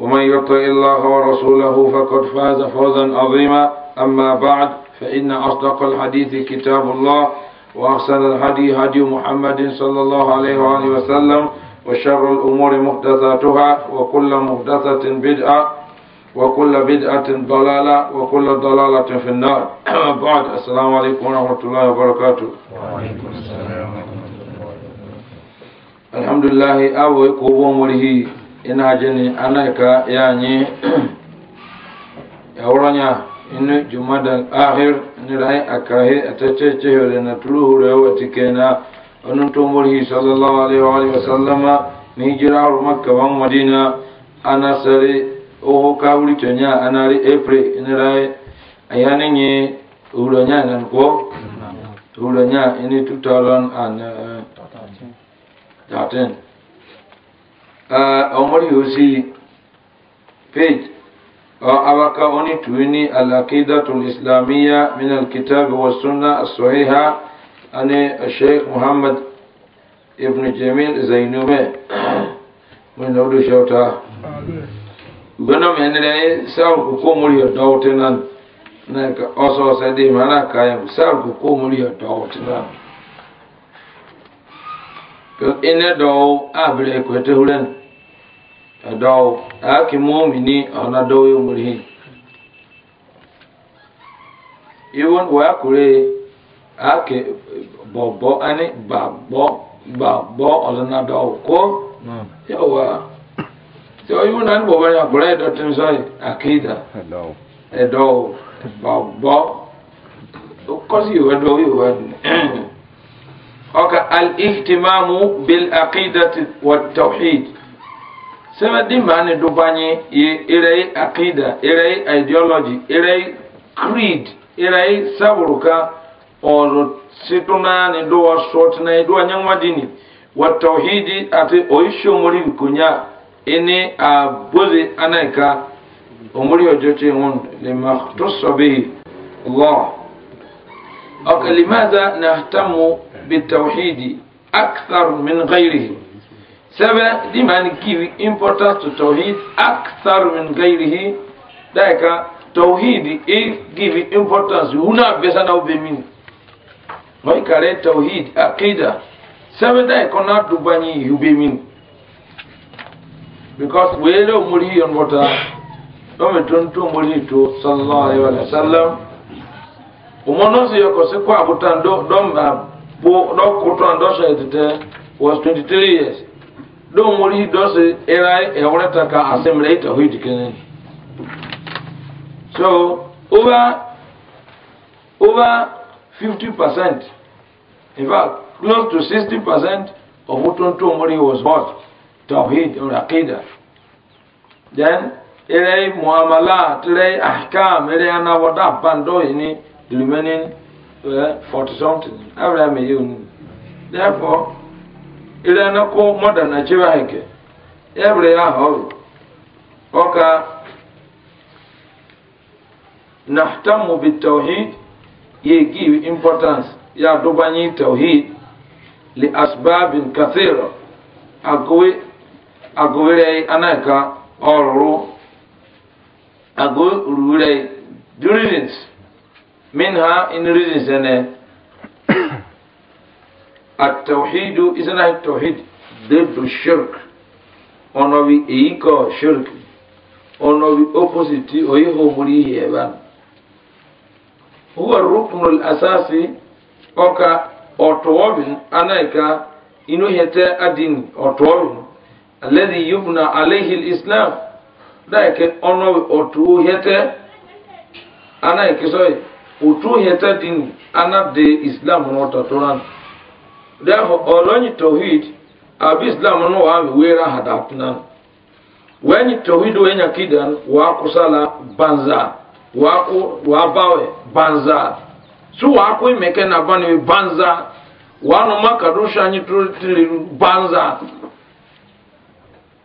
ومن يطع الله ورسوله فقد فاز فوزا عظيما أما بعد فإن أصدق الحديث كتاب الله وأحسن الهدي هدي محمد صلى الله عليه وآله وسلم وشر الأمور محدثاتها وكل محدثة بدعة وكل بدعة ضلالة وكل ضلالة في النار بعد السلام عليكم ورحمة الله وبركاته وعليكم السلام ورحمة الله الحمد لله أوي قبوم هي ina jini ana ka anaika ya wuranya inu jumadan akhir nirai akahi atace cehore na tuluhure wati kena onun tumurhi sallallahu alaihi wa alihi wasallama ni jira ur makka wa madina anasari oho kawuli tonya anari april nirai ayani ni uronya nan ko uronya ini 2013 Uh, omuli yusi page uh, abaka oni tuini alaqidatu lislamiya min alkitabi wassunna alsahiha ani sheikh muhammad ibnu jamil zainube minawdu shota menere sar ku komuli dawtenan na ka oso sadi mana kayam sar ku komuli dawtenan ina daw abre ku tehulen ɛdɔw aki mɔmini ɔna dɔw yɛ muri iwon waya kure aki bɔbɔ ani gbàgbɔ gbàgbɔ ɔlɔna dɔw ko yawa tí o yiwọn nani bɔbɔ yɛ kure ɛdɔ tí n sɔ yi akida ɛdɔw gbàgbɔ kɔsi yowɛ dɔw yowɛ ɔka al ihtimamu bil akidati wa tawhid. sɛbɛ di maa ni dubanye ye erai akida erai ideology erai creed erai saburuka ɔrɔ situna ni do wa sɔtina ye do wa nyɛnwa dini wa tawhidi ati o yi somori konya ini a bozi ana yi ka omori ojo ce ŋun lima to sɔbi lɔ ɔkɛ limaza na tamu bi tawhidi akthar min ghairihi. sɛbɛ di man give importance to tawhid akthar min ghairihi daika tawhid e give importance una besa na obe min moy kare tawhid aqida sɛbɛ dai kona dubani yube min because wele muri yon wata do me ton to muri to sallallahu alaihi wasallam umono se yoko se kwa butan do do ma bo do kutan do shaytete was 23 years don wuri dosi era ewarata eh, ka asemre ita hui dikene so over over 50 percent in fact close to 60 percent of Uton Tumori was bought what Tawhid or Aqidah then ere muamala ere ahkam ere anawada bando ini the remaining uh, 40 something every time you therefore ile na ko moda na chiwa nke ebre ya ho oka nahtamu bitawhid ya give importance ya dubanyi tawhid li asbabin kathira agwe agwere anaka ọrụ agwere durins minha in reasons ene التوحيد إذن التوحيد ضد الشرك ono bi eyi ko shirk ono bi opposite oyi homuri heban huwa ruknu al-asasi oka otowobin anaika inu hete adin otowobin alladhi yubna alayhi al-islam daike ono bi otu hete anaika soy otu hete din anade islam no then olonyi tawhid abi islam no wa wera hadatna wenyi tawhid wenya kidan wa kusala banza wa wa bawe banza su wa ko meke na bani banza wa no makadusha nyi tuli banza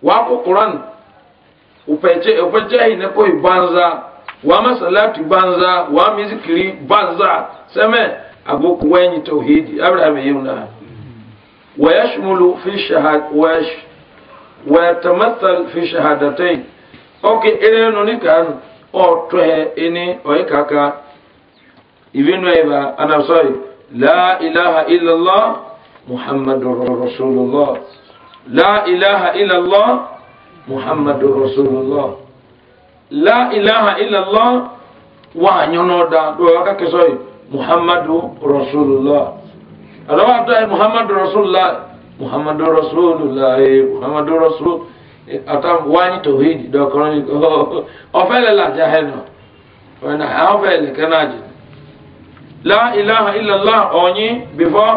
wa ko quran upeche upeche ine ko banza wa masalati banza wa mizikiri banza seme abu wenyi tawhid abraham yuna ويشمل في شهاد ويش ويتمثل في شهادتين اوكي إلى نونيكان أو توه إني أو كاكا إبن ويبا أنا صاي لا إله إلا الله محمد رسول الله لا إله إلا الله محمد رسول الله لا إله إلا الله وأن ينادى دعاء كسوي محمد رسول الله ọlọ́wọ́ àtọ́ muhammadu rasulillah muhammadu rasulillah muhammadu rasul ọ̀tá wáyé tòhídì dọ́kọ̀rọ̀ oh, oh, ní ọ̀fẹ́ lè lajà ẹ̀ nọ ọ̀fẹ́ náà àwọn ọ̀fẹ́ lè kẹ́ náà jẹ la ilaha illallah ọ̀nyin before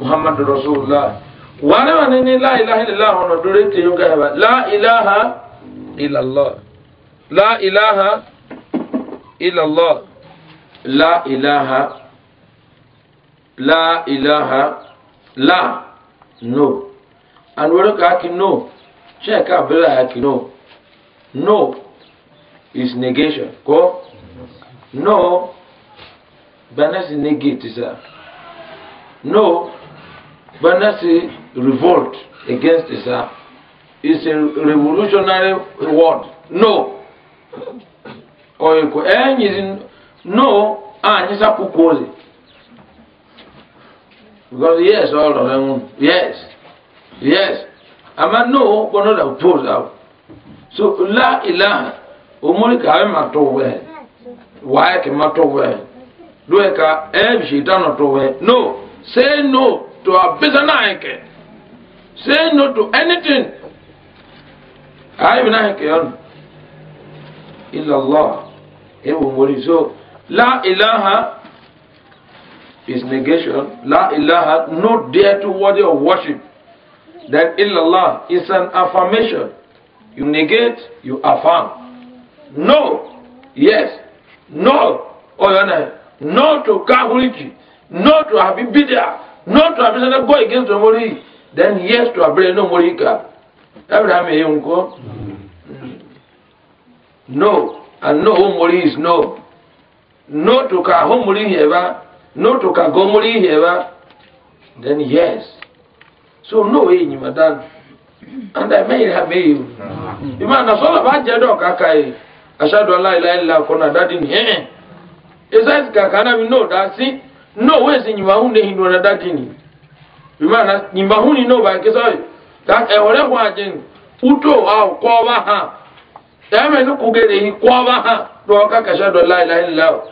muhammadu rasulillah wàhálà wà ní la ilaha illallah ọ̀nà dúró tèyí ó gáyà bá la ilaha illallah la ilaha illallah la ilaha la ilaha la no and wọ́n ka aki no ṣe ka abẹ́rẹ́ aki no no is negation kọ́ no banasi negate sa no banasi revolt against sa is a revolutionary word no ọ̀yẹ̀kọ̀ ẹ̀yìn eh, no a ah, nyisa kúkú ọ̀sẹ̀. Because yes, all of them, yes, yes. Ama no, but not a pose out. So la ilaha, umuri ka ma to we, why e ma to we, do e ka ev she done we. No, say no to a business Say no to anything. I e bin ahike yon. Illa Allah. Ebu umuri so la ilaha is negation. La ilaha, no deity worthy of worship. Then illallah is an affirmation. You negate, you affirm. No, yes, no, oyana, oh, no to kahuliki, no to abibidia, no to abisana go against the mori. Then yes to abire no morika. Abraham No, and no mori is no. No to kahumuri ever. notuka gomuli iheba then yes so no way nyima dan and i may have you mm-hmm. na so ba je do kaka e ashadu la ilaha illa na dadi ni eh isa eh. ka kana mi no da si no si nyima hunde na dadi ni ima na nyima huni no ba ke so ka e hore uto au ko ha tame no kugere hi ha do kaka ashadu la ilaha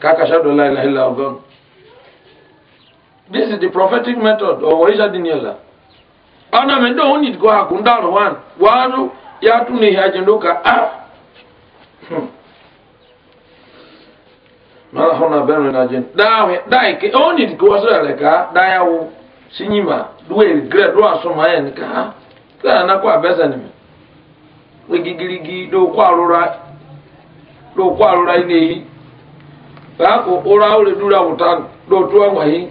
kakashadu la ilaha illa allah this is the prophetic method of waisha diniela ana me do need go hakunda wan waru ya tuni hajendoka ah hmm. mara hona benu na jen dawe dai ke oni di go so le ka da sinyima duwe regret do asoma yen ka ta na kwa besa ni we gigirigi do kwa rura do kwa rura ni sako ora ore dura wutan do tuwa mai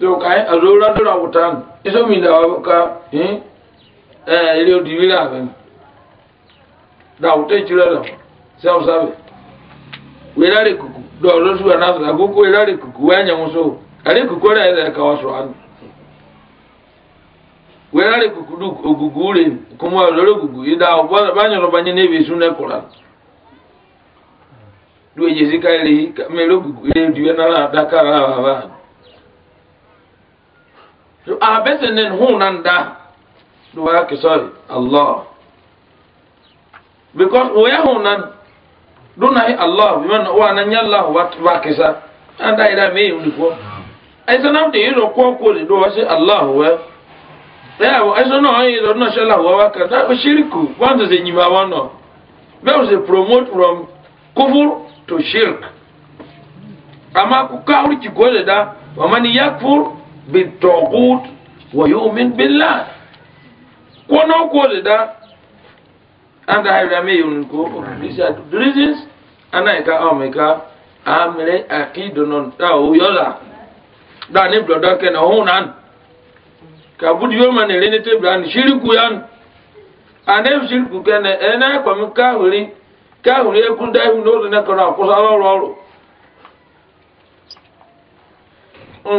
do kai azura dura wutan iso mi eh, da ka eh eh ile divira ben da ute chira da sabu sabe werare kuku do lo suwa na kuku kuku wanya muso ale kuku ka waso an kuku du ogugure kuma lo ida banyo bi sunne due jesi kaili ka mere ogugure diwe na la daka la ba ba so a ah, bese nen hu nan da do wa ke allah because o ya hu nan do na allah bi man wa nan ya allah hmm. wa wa ke sa anda ira me ni ko ai so nam de yiro ko ko le do wa se allah wa no wa to shirk amma ku kawurci ko da wa man yakfur bi taghut wa yu'min billah ko no ko da and i remain ko these are the reasons and i ka o oh me ka amre akidu non ta o yola da ni blodo ke na hunan ka budi yo man le ni te bran shirku yan ane shirku ke ne ene ko mi ka huri ka ahụ na ekwu ndị ihu na ọrụ ọrụ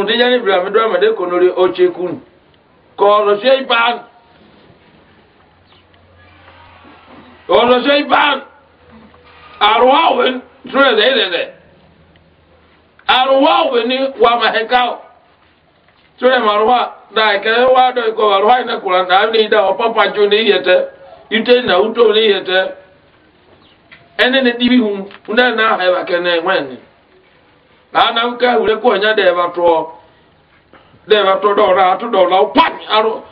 ndị nyere ibiri amị dọrọ mmadụ ka ọzọ sie ibe ahụ ọzọ sie ibe ahụ arụwa ahụ tụrụ eze ịlele arụ ni ma ahụ na ekele wa adọ ikọ arụ ahụ na na papa ite na uto ene ne dibi hu na ha ba wen la na ka ko nya de ba to de ba to do ra to do la pa aro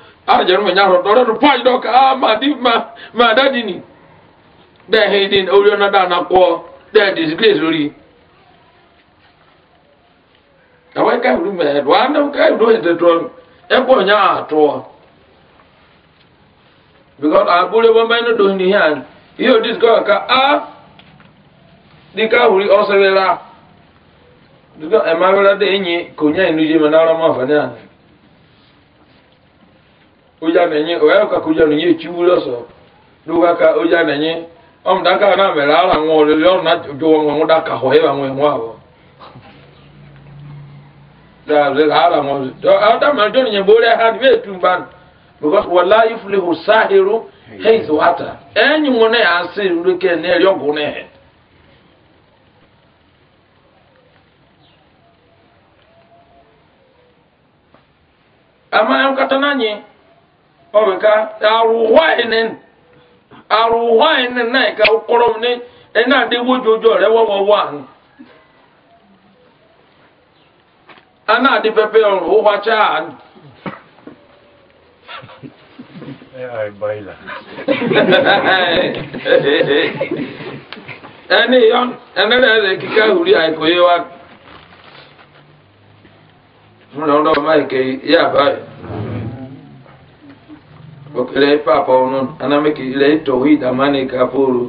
je nya ro do pa ah, ma di ma ma da di ni de he din o na da na ko de disgrace lori awa ka hure me do e ka hure ah, de to e ko nya to because dịka hụrụ ọsịrịla dịka e dị enyi ka onye inu je mana ara mafa na-enye oya ka na-enye echiwuru ọsọ dụka ka ụja na-enye ọmụda aka na mere nwa ọrụ na jụwa nwa nwụda ka hụ ịba nwa nwa ahụ nwa ha dị etu because enyi nwere ya asị ruru ke na-eri ọgwụ na-ehe ama ya nkata nanyi ọbịka arụwa enen arụwa enen na ịka ụkọrọ m ne ena adị wojojo rẹ wọwọ ana adị pepe ọrụ ụwa chaa ana yọ ẹnẹrẹ rẹ kíkà hùrí àìkòyè wa. múlẹ̀ ọ̀dọ́ máìkẹ́ yá báyìí òkèlè pàpà ọ̀nà anamíkì ilẹ̀ ìtọ̀wé ìdàmánì kàfóró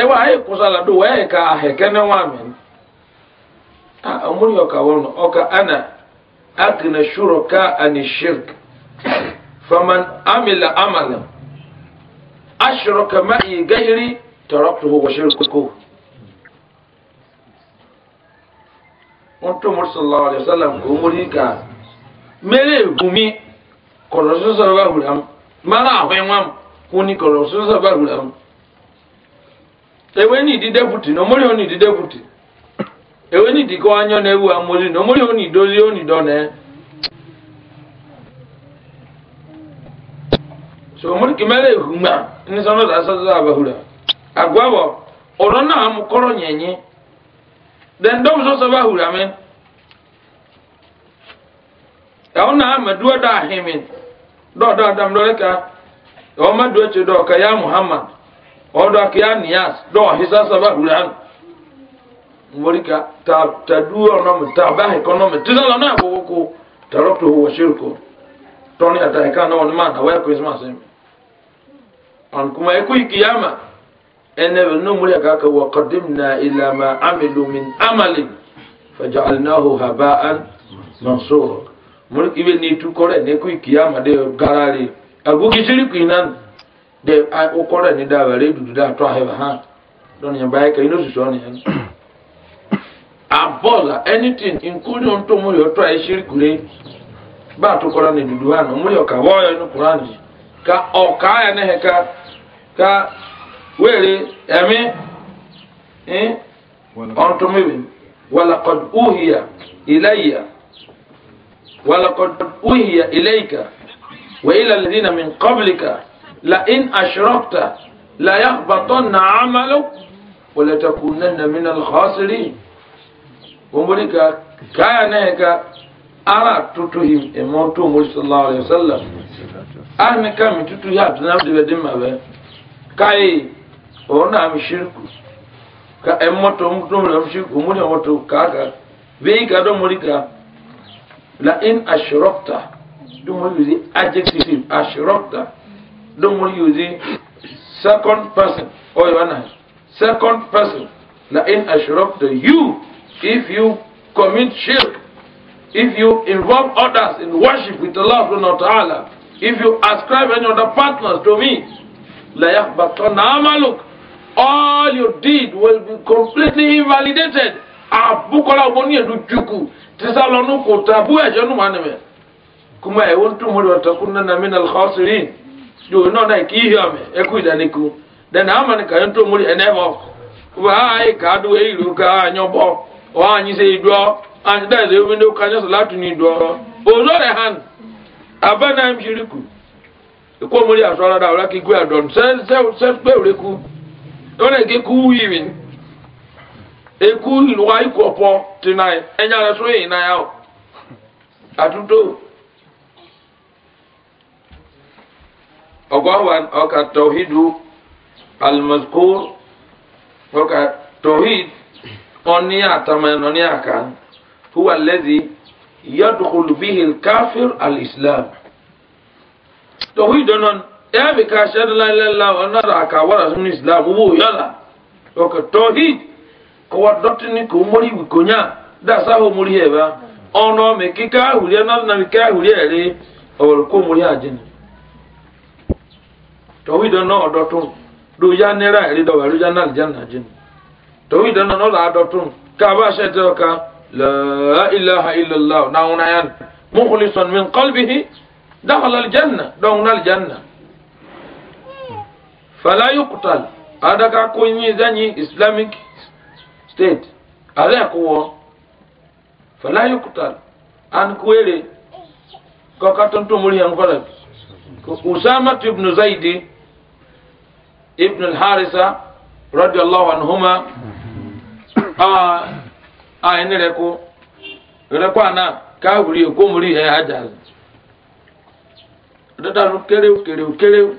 ẹwà ayé kùsàlà dò wẹ́ẹ̀ ká àhẹ̀kẹ́ ní wọn àmì ọmúlẹ̀ ọ̀kà wọn ọ̀kà ana akìnà ṣúrọ̀ ká àní ṣírk faman amìlà amàlà aṣọ̀rọ̀ kàmá ìgẹ́yìrì tọ̀rọ̀ tó wọ́ṣẹ́rì kókó. wọn tó mọ sọlọ ọlẹ sọlọm kò mórí ká mẹrẹ ègúnmi kọlọ sọsọ bá wùrà mu mara àwọn ẹwọn kò ní kọlọ sọsọ bá mu ewé ní ìdí ní ìdí ewé ní ìdí anyọ náà ewu amọlẹ ní ọmọlẹ òní ìdózi òní so ọmọlẹ kì mere ègúnmi ní sọlọ bá ọ̀rọ̀ náà mú kọ́rọ̀ then dɔm so sɔba hura ya ɛwɔ na ama duo da ahimi dɔɔ dɔɔ dam dɔɔ ka ɛwɔ ma duo tse ya muhammad ɔɔ dɔɔ ka ya ta ta duo ɔnɔmi ta bahi kɔnɔmi tisa la n'a ko ko tɔrɔ to wɔ na wɔn ma na wɛ kirismas enebe n'omuri muri aka ka wa qadimna ila ma amilu min amalin faja'alnahu haba'an mansura muri kibe ni tu kore ne ku kiyama de garari agu kishiri ku inan de o kore ni da bare dudu da to aheba ha don ya bai ka ino so ni abola anything including on to muri o to e shiriku re ba to kora ni dudu ha no muri o ka wo yo no qur'an ka o ka ya ne ka ka wéèrè ẹ̀mí ọ̀ntúnmíbi wàlàkọ̀d úhìyà ìlẹ́yà wàlàkọ̀d úhìyà ìlẹ́yìkà wàhílà lẹ́dínà mi kọ́bìlìkà la in aṣọ́rọ̀kta la yà bàtọ́ nà ámàlú wàlẹ́tàkù nẹ́nà mi nà lọ́sírì wọ́n ka káyà náà ka ara tutu him ẹ̀mọ́ tó mọ́ sallallahu alayhi wa sallam. Ahmed Kami tutu yà àtúnáfẹ́ bẹ́ẹ̀ dín mà bẹ́ẹ̀. Káyé. ono na ka en moto mutum muni moto kaka bai ka la in ashrokta don muli yuzi adjective ashrokta don yuzi second person oyo second person la in ashrokta you if you commit shirk if you involve others in worship with Allah subhanahu wa ta'ala if you ascribe any other partners to me la yakhbatanna amaluk all your did will be completely invalidated abukola oboni edu juku tisalonu kota bu ejo nu maneme kuma e won tumo do ta kunna na min al khasirin do no na ki hiya me e ku da niku da na amane ka yon tumo e never wa ai ka do e ru ka anyo bo o anyi se do an da ze window ka nyo salatu o lo re han abana mshiriku ko mo ri asora da ora ki dole ke ku yiwin e ku luwa iku ọpọ tinai ẹnya rẹ sóyè iná yà ó àtúntò ọgọ wa ọkà tọhídù alimakur ọkà tọhíd ọní àtàmà ọní àká huwa lẹ́dí yadukulu kafir alislam tọhídù náà ẹ̀mí ká ṣẹ́dúnláìlẹ́lá ọ̀nà àkàwọ́dà sínú islam owó yọ̀là ọkọ̀ tọ́hìd kọ́wọ́ dọ́tíní kò mórí wìkọ́nyà dáṣà ó mórí ẹ̀ bá ọ̀nà ọ̀mì kíká àwùrí ẹ̀ náà nàmi ká àwùrí ẹ̀ rí ọ̀rọ̀ kó mórí àjẹnì. tọ́hìd ọ̀nà ọ̀dọ́tún ló yá náírà ẹ̀rí dọ̀wà ló yá náà jẹ́nà àjẹnì. tọ́hìd ọ̀nà ọ̀là àdọ́tún káàbá aṣẹ́ tẹ́ náà náà yá ni mukhlisan min qalbihi dakhala fala yuqtal adaka kunyi zanyi islamic state ale kuwo fala yuqtal an kuwere ko katon to muri an fara ko ibn zaid ibn al harisa radiyallahu a a enere ko ana ka wuri ko ya dada kere kere kere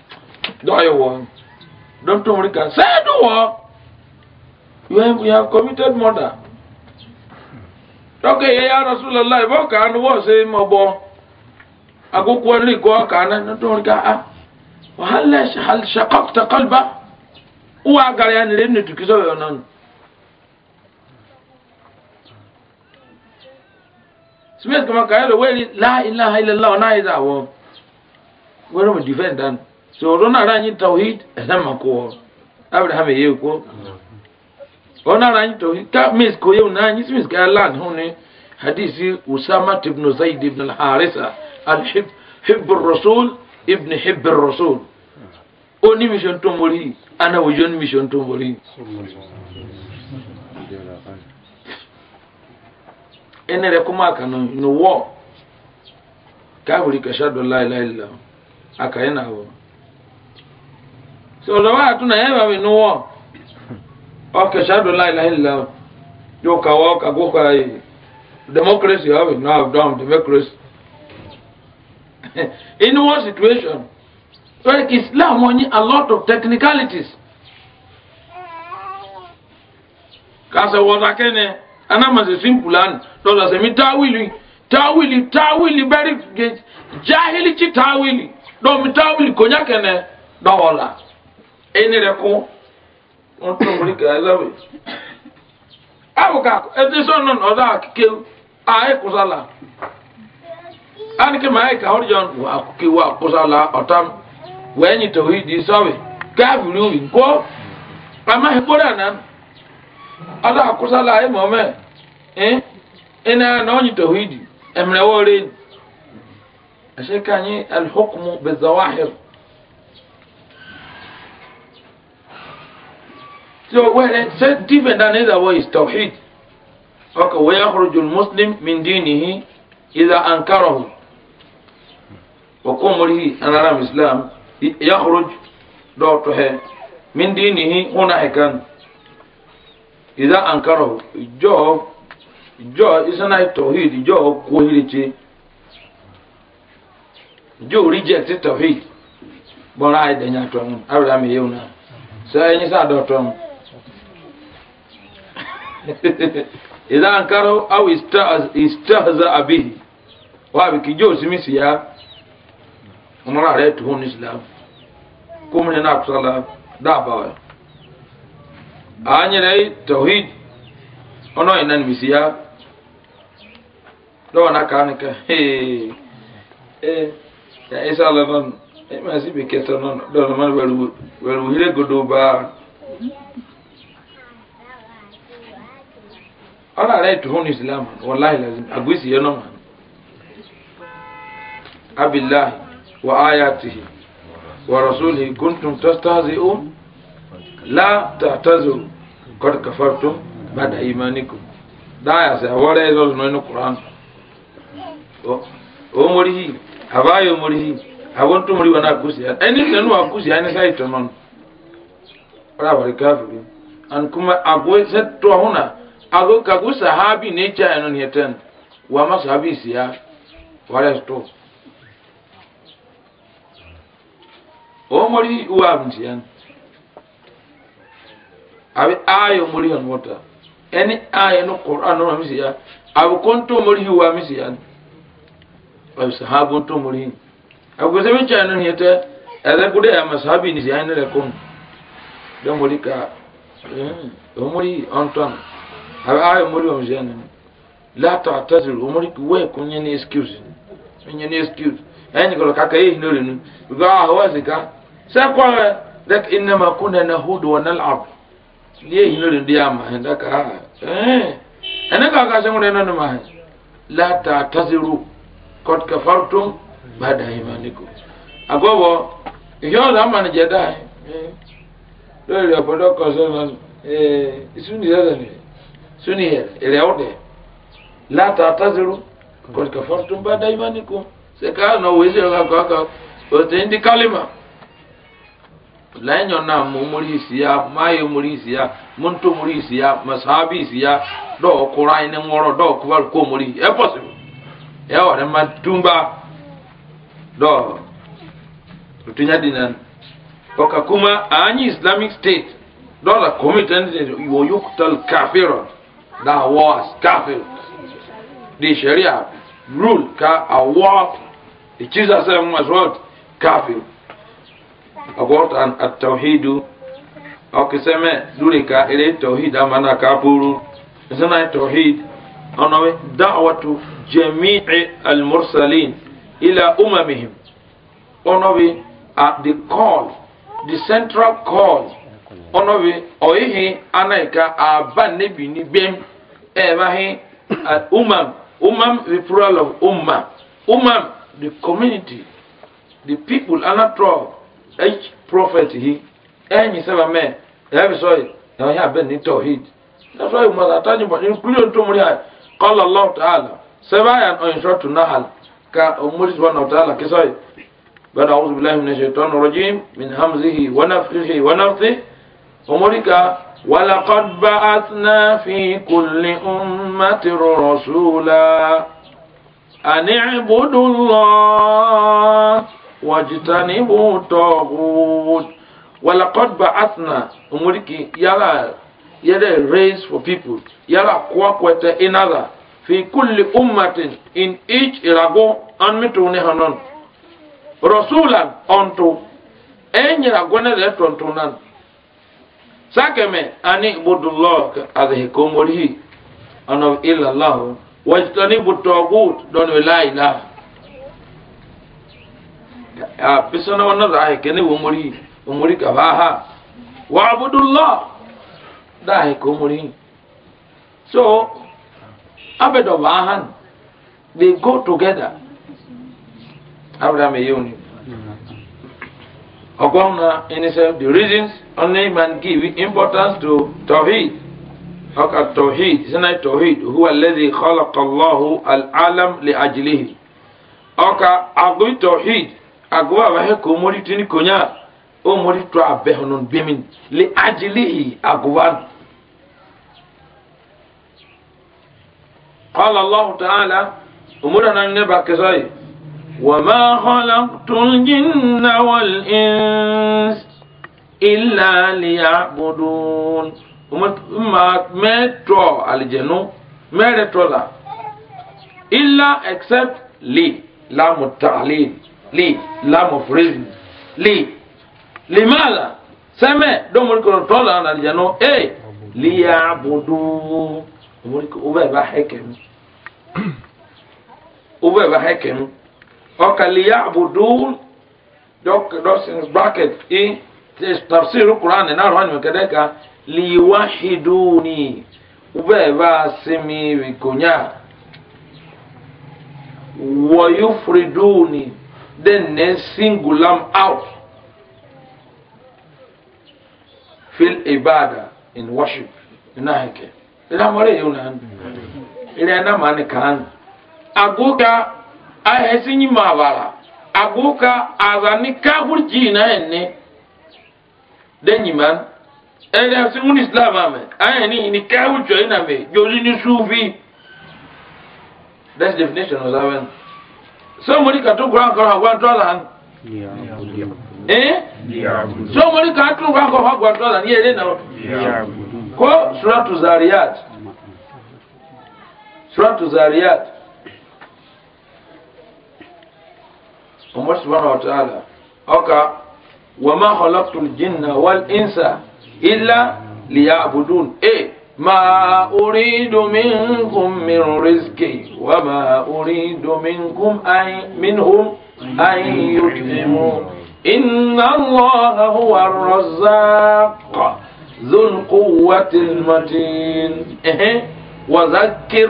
dɔɔyɛ wɔ dɔmtɔn wuli ka sɛɛ do wɔ you have committed murder dɔkɛ yɛ ya rasulala ibɔ kan wɔ se ma bɔ agogo ɛli gɔ kan na dɔmtɔn wuli ka a wa hali hali shakak ta kaliba wa gara ya nire ne tukisɛ yɔ nan. smith kama kaayɛ lɛ wɛli La ilaha illallah ɔnaa yi zaa wɔ wɛrɛ mu defend dan. so rona ranyi tawhid zama ko abraham ye ko ona ranyi tawhid ka mis ko ye na nyi mis ka lan hone hadisi usama ibn zaid ibn al-harisa al-hib hib ar-rasul ibn hib ar-rasul oni mission to mori ana wujon mission to mori enere kuma kanu no wo ka wuri ka shadu la ilaha illa aka yana wa so ọ̀dọ̀ wa àtúnà ẹ̀ bàbá inú wọ̀ ọkẹ̀ ṣáàdùn láìláì ńlá yóò kàwọ́ kàgbókò ayé democracy ọ̀bì náà have done democracy in one situation like islam wọ́n ní a lot of technicalities kàṣẹ wọ́dà kẹ́ni anamase simple and lọ́dọ̀ sẹ́mi táwìlì táwìlì táwìlì bẹ́rẹ̀ jáhìlì tí táwìlì dọ́ọ̀mi táwìlì kò nyà No, dọ́wọ́lá. enere ko wọn tún wọn kẹ ẹlẹwẹ awùká ẹtí sọnù ọdọ àkíké àyè kùsàlà ànìkè máa ẹka ọrìjọn wọ àkókè wọ àkùsàlà ọtám wẹẹnyì tòwí di sọwì káfíìrì òwì nkó àmà ìkórè àná ọdọ àkùsàlà ẹ mọ mẹ ẹ di wọlé bẹzẹ so where said different than either way is tawhid okay ويخرج المسلم من دينه إذا أنكره وقومه أنا رام إسلام يخرج دوته من دينه هنا كان إذا أنكره جو جو إسنا التوحيد جو كوهيرتي جو reject التوحيد بولا أيدنا توم أبدا ميونا سأني سأدوتهم idha ankarahu au istahzaa bihi wabi kijo simisi ya onora ọrịa tuhun islam kumne na kusala da bawa anyere tauhid ono inan misiya do na ka nika he eh ya isa laban e ma sibe keto non do man ọlá rẹ tó hún islam wàláhi lazim àgbèsì yẹn náà hàn abilahi wa ayatihi wa rasulihi kuntum tastazi'un la ta'taziru qad kafartum ba'da imanikum daya sɛ awɔrɛ yɛ lɔzɔ n'oyin kuran o morihi abayo morihi abonto mori wana akusi ya ɛni sɛnu akusi ya ɛni sayi tɔnɔ ɔlá wàlí káfíri and kuma àgbo sɛ tó ahona ago kagu sahabi ne cha no ne ten wa ma sahabi siya wala sto o mori wa mtian abi ayo mori on wota eni ayo no qur'an no mi siya abi konto mori wa mi siya abi sahabu to mori ago se mi cha no ne te ele gude ya masahabi ni siya ne le kon don mori ka hmm. o mori on ton haba ayo muri wa mjani la ta taziru umuri kuwe kunye ni excuse kunye ni excuse yani kolo kaka yeye hinole nu ga hawazi ka sa kwa dak inma kunna nahudu wa nal'ab liye hinole ndiyama henda ka ah. eh ana ka ka shangu neno no mahe la ta taziru kot kafartum baada imanikum agobo iyo la man jedai eh lele apodo ko so eh, eh. isu ni dada ni suni ilẹwọde láti ataziru kọlìkàfọrọ tó ń bá dáyé máa nìkú ṣe ká nà owó ìṣe ọkọ ọkọ òtẹ ń di kálímà lẹ́yìn ọ̀nà mú múrí ìsìyà máyé múrí ìsìyà múntó múrí ìsìyà mọ̀sáábì ìsìyà dọ́ọ̀ kóra ẹni wọ́rọ̀ dọ́ọ̀ múrí ẹ pọ̀ sí ọkà kúmá àányí islamic state dọ́ọ̀là kọ́mìtì ẹni ìwọ̀ yóò tẹ̀lé káfíìrọ̀. dans la war kafir des sharia rule ka a war it is as a word kafir about an at tawhid okiseme dule ka ile tawhid amana kafuru zana tawhid anawe da'watu jami'i al-mursalin ila umamihim onawe oh, at the call the central call onawe oh, oihi anaika abanebini bem ɛɛba he umam umam the plural of umma umam the community the people ana trɔ each prophet he ɛnyi sɛba mɛ ɛbi sɔri ɛwɔ yɛ abɛ ni tɔhid that's why umar atani bɔ nkuli ntomori a kɔla lɔw taala sɛba yɛ ɔyinsɔ tuna hal ka omori sɔrɔ na taala kisɔri bɛda ɔwusu bilahi minɛ sɛ tɔn rɔjim min hamzihi wanafihi wanafi omori ka. ولقد بعثنا في كل أمة رسولا أن اعبدوا الله واجتنبوا الطاغوت ولقد بعثنا أمريكي يلا yɛdɛ raise for people yala kua kɔtɛ inala fi kulli ummatin in each irago an mitu ne hanon rasulan onto en yira gwana da tontonan sakeme ani budullah azahi komorihi ana illa allah wajtani butagut don la ilaha a pisana wannan da kene umuri umuri ka wa abudullah da ake so abedo ba han they go together abda yoni ogonna in itself the reasons only man give importance to tawhid حق التوحيد سنة التوحيد هو الذي خلق الله العالم لأجله أكا أقوي توحيد أقوى وهيك أموري تني كنيا أموري توا بهنون بمن لأجله أقوى قال الله تعالى أمورنا نبكي وما خلقت الجن والإنس إلا ليعبدون ما مترو الجنو مترو لا إلا except لي لا التعليل لي لا مفرز لي لماذا سمع دوم كنترول على الجنو إيه ليعبدوا أمريكا أبا بحكم أبا بحكم ọkàlìyà àbùdù dọk dọsins bracket i tafsir kuran ní náà rani kẹdẹ liwa hiduni ubẹ bá simi wikonya wọyu friduni den ne singulam out fil ibada in worship ina heke ina mọrẹ yìí wọn nà ilẹ̀ ẹ̀ náà mà ní kàn án agùkà. a hesi yi ma bara agoka azani kabur ji na enne De yi man ere sun islam ame aye ni ni kabur jo ina me jori ni sufi that's definition of seven so mori ka to gran ko hagwan to lan eh so mori ka to gran ko hagwan to lan yele na ko suratu zariyat suratu zariyat ọmọ subhanahu wa ta'ala ọkà wọ́n máa kọ́lọ́tún jìnnà wal ìnsà illa lìyà àbùdùn ẹ̀ máa orí domínkùn mìíràn rìsíkì wọ́n uridu minkum domínkùn mìíràn ayé yóò tẹ̀ mú. إن الله هو الرزاق ذو القوة المتين وذكر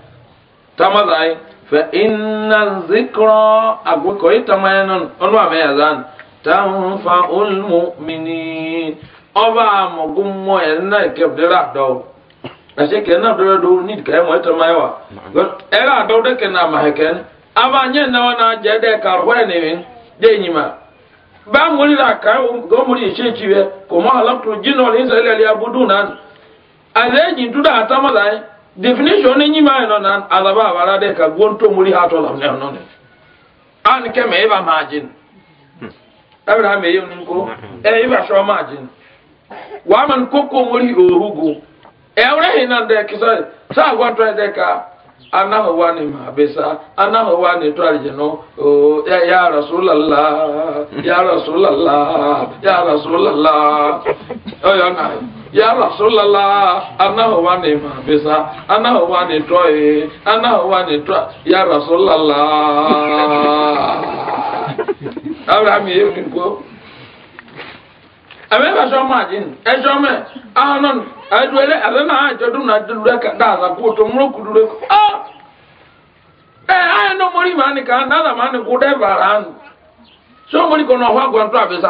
tamadai fa inna zikra agwe ko itamayanon onwa me yazan tanfa'ul mu'minin oba mogummo elna kebdira do ase na do do ka kay mo era do de ma heken aba nye na wana jede ka hwene win de nyima ba muri la ka go muri shechi be ko ma jinol definition ni nyima no na azaba wala de ka gonto muri hato lam ne no ne an ke me ba majin abra hmm. me yo nin ko hmm. e eh, ba sho majin wa man koko muri ohugu e wre hina de kisa sa de ka wa ni wa ni to o ya ya rasulullah ya rasulullah ya rasulullah o na ya rasulala anaghịwa e na ime abịsa anaghịwa na ịtọ ihe anaghịwa na ịtọ ya rasulala abịa m ewu nkwo ebe ịbasa ọma adị nụ ịsọ mee nụ adịwere adị na ha ịjọdụ na adịwere ka daa na kwụ otu mụrụ ekwu ee anyị nọ mụrụ ime anyị ka anyị kwụ debara agwa ntụ abịsa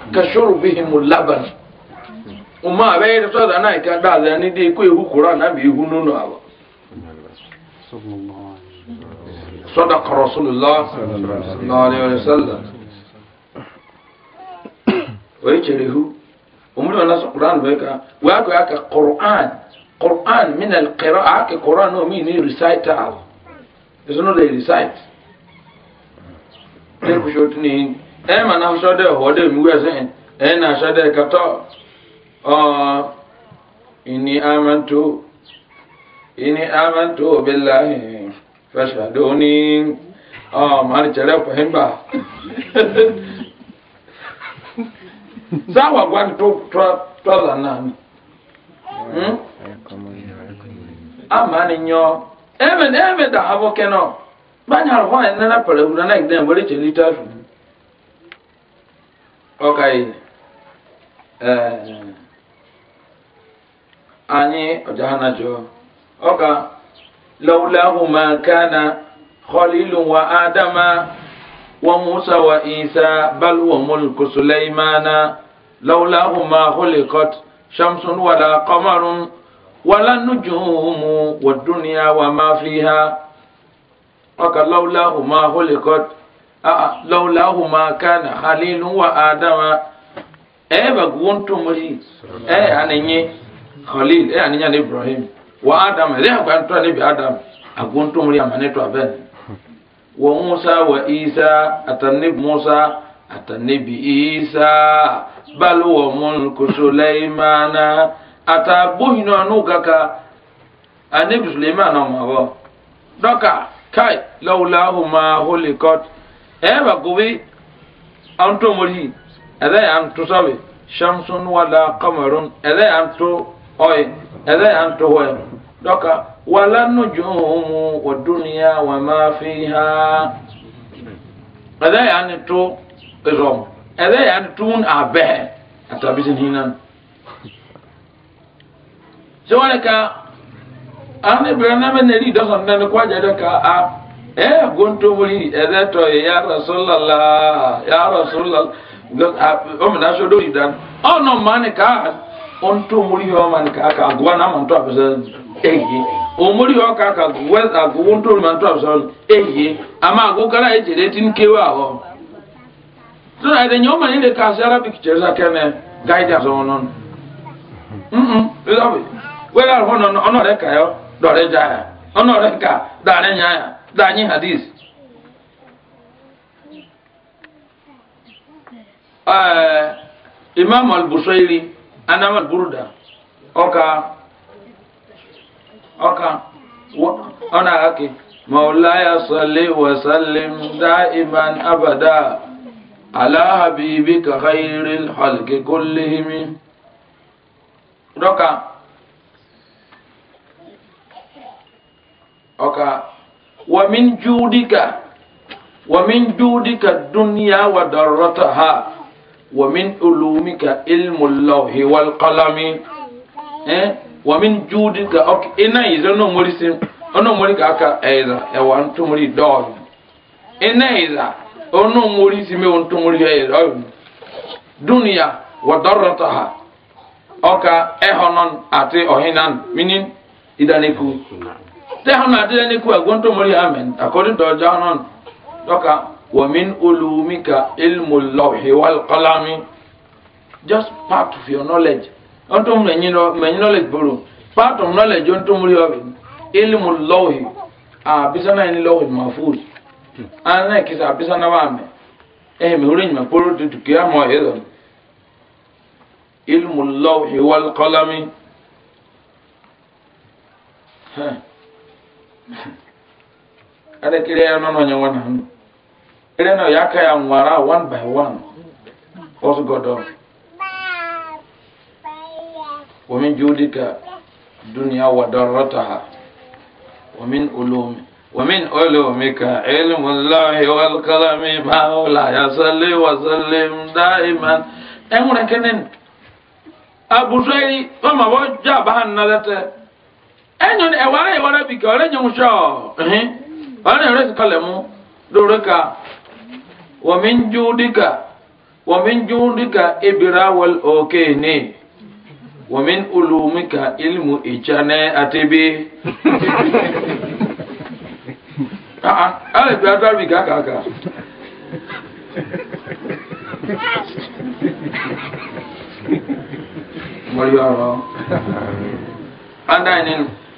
kashurbihim laban uma abe yɛrɛ sɔrɔ ana ika da azɛ ni de ko ehu kura na bi ehu nono awɔ sɔda kɔrɔsulula lɔɔre sɛlɛ o ye cɛrɛ hu umuri wana sɔ kuran bɛ kan wa ko aka kuran kuran min al kɛra aka kuran o min recital it's not a recite. Tẹ́lifíṣọ́ tún ní e ma na shode ho de mu wese e na shode ka to o ah, inni amantu inni amantu billahi fashhaduni o ah, mar chere ko himba sawa gwan to to to la nan hmm amani ah, nyo emen emen da habo keno banyar ho en na pere una na igden bole ọkai anyị ọjahana jụọ ọka laulahu ma kana khalilu wa adama wa musa wa isa bal wa mulku sulaimana laulahu ma khuliqat shamsun wala qamarun wala nujumu wa dunya wa ma fiha ọka laulahu ma khuliqat laulahu ma kana halilu wa adama e ba gunto muri e anenye khalil e anenya ne ibrahim wa adama le ba nto ne bi adam agunto muri amane to aben wa musa wa isa atanib musa atanib isa bal wa mulku sulaimana atabuhinu anugaka anib sulaimana mawo doka kai laulahu ma hulikot ɛɛba gobe an to mori ɛdɛ an to sabe shamsun wala kamarun ɛdɛ an to ɔye ɛdɛ an to hɔye dɔka wala nujumu wa duniya wa ma fiha ɛdɛ an to zɔm ɛdɛ an tun a bɛɛ a tabisin hinan sewale ka an ne bɛrɛ n'a bɛ dɔ sɔn nani kɔ jɛ dɔ ka a. eh gonto muri ereto ya rasulullah ya rasulullah ah, o na so dori dan ono mani ka onto ho mani ka ka na manto abisa eyi ho ka ka na gwa ama go e tin kewa ho so na de nyoma ni de ka sara bi kicheza kene guidance onon da anyị hadis eh, imam al-bushairi anam al-burda ọka ọka ọ na-ake مولاي صل وسلم دائما أبدا على حبيبك خير الخلق كلهم ركع أوكا ومن جودك ومن جودك الدنيا وضرتها ومن علومك علم الله والقلم eh ومن جودك اوك انا اذا نو مريسين ono mori ka aka eza e wa ntu mori dog ina eza ono mori si me ntu mori eza dunya wa darrataha oka ehonon ate ohinan minin idaniku te hanu adele ne kuwa gonto mori amen according to john doka wa min ulumika ilmu lawhi just part of your knowledge onto mun enyi knowledge boro part of knowledge onto mori obi ilmu lawhi a bisana ni lawhi mafuz ana kisa bisana wa me eh me urin ma poro tu tukia mo edo ilmu lawhi wal qalami ada kiri ya nono nya wana hanu no yaka ya ngwara one by one osu godo ومن جودك الدنيا وضرتها ومن علوم ومن علومك علم الله والقلم ما لا يصلي وسلم دائما امرك ابو زيد فما وجب عن ɛnyɛ no ɛwara ɛwara bi ka ɔrɛ nyɛ ŋusɔ ɛhɛn ɔrɛ ɛrɛ ti kalɛ mu lórí ka wɔmi njuudi ka wɔmi njuudi ka ebira wɔl ɔkee ne wɔmi ulumi ka ilmu ìtsanɛ atebe aa ɛlɛ bi adu abi kakaka mɔri ɔrɔ anda yi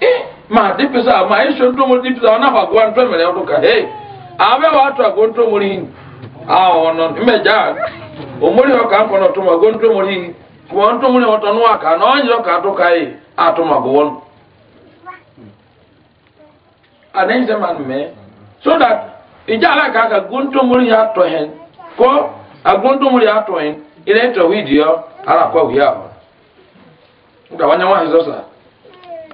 Eh, ma dipisa ma isho ntomori dipisa ona kwa kwa ntomori ya utuka hey abe watu wa ntomori hini awo non imeja omori ka hapo na tuma go ntomori hini kwa ntomori watanu waka na onyo ka atụ ka atuka hey atuma go won anenze man me so that ijala ka ka go ntomori ya atọ to hen ko agontomori ya to hen ile to widio ala kwa wiao ndawanya wa hizo sasa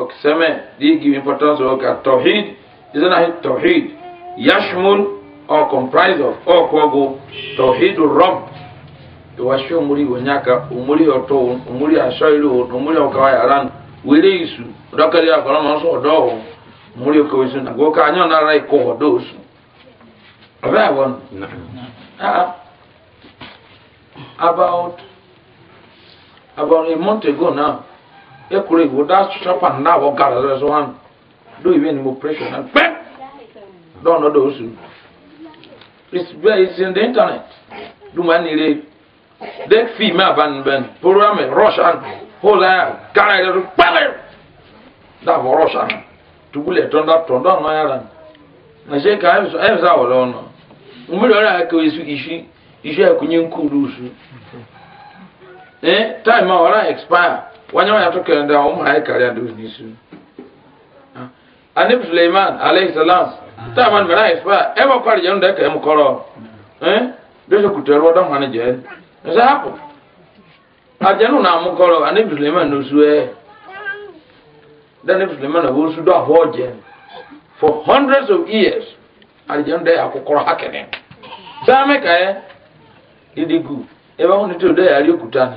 okiseme they give importance of ka tawhid isana hi tawhid yashmul or comprise of or kogo tawhidu rabb iwashe umuri wonyaka umuri oto umuri ashoiru umuri okawaya ran wele isu dokari akoro ma so do umuri okowisu na go ka anyo na rai ko do isu aba won ah about about a month ago now ekure wo da chapa na wo gara re so han do even mo pressure na pe do no do it's very it's in the internet do man ile de fi ma ban ben program rush an hola gara re pale da wo rush an tu bule ton da ton da no yara na je ka e so e za wo lo no mo lo ra ka isu isu eh time ma ora expire wanya wanya to kende a ɔmo ayɛ kari ando ni su anabi suleiman alayhi salam taa man mɛra ispa ɛbɔ kɔri jɛnu dɛ kɛmu kɔrɔ ɛn dɔsɛ kutɛri wɔ dɔn hana jɛ ɛsɛ hapɔ ajɛnu na mu kɔrɔ anabi suleiman no su ɛ e. dɛ anabi suleiman na wo su dɔ ahɔ jɛ for hundreds of years alijɛnu dɛ akɔkɔrɔ hakɛnɛ sáà mɛka yɛ idigu ɛbɛ wɔn ni tí o dɛ yɛ ari okuta ni.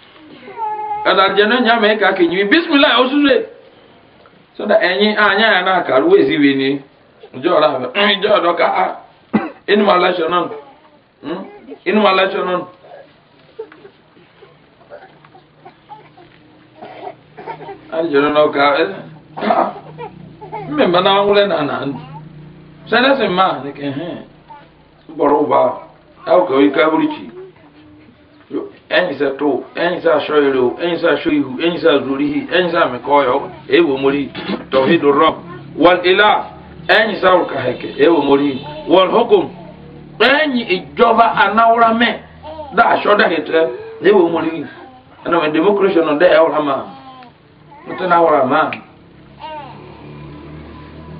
adarjana nyame ka ke nyimi bismillah osule so da enyi anya ah, ya na ka ruwe zibi ni jo ra be mm, jo do ka a ah. in mala shonon hmm in mala shonon arjana no ka eh. ah. mme mana ngule na na sana sema ni ke he eh. boro ba au ka wi ka burichi ẹ̀yìn sẹ́ tó ẹ̀yìn sẹ́ o ihu ẹ̀yìn sẹ́ azurihi ẹ̀yìn sẹ́ àmìkọ́yọ̀ èèwọ̀ mórí tọ̀hídù rọ́b wọn ilá ẹ̀yìn sẹ́ àwòkà hẹ̀kẹ́ èèwọ̀ mórí wọn hókòm ẹ̀yìn ìjọba anáwúrá mẹ́ dá aṣọ dá hẹ̀tẹ́ èèwọ̀ mórí ẹ̀nà mẹ́ democration ọ̀dẹ́ ẹ̀ wọ́n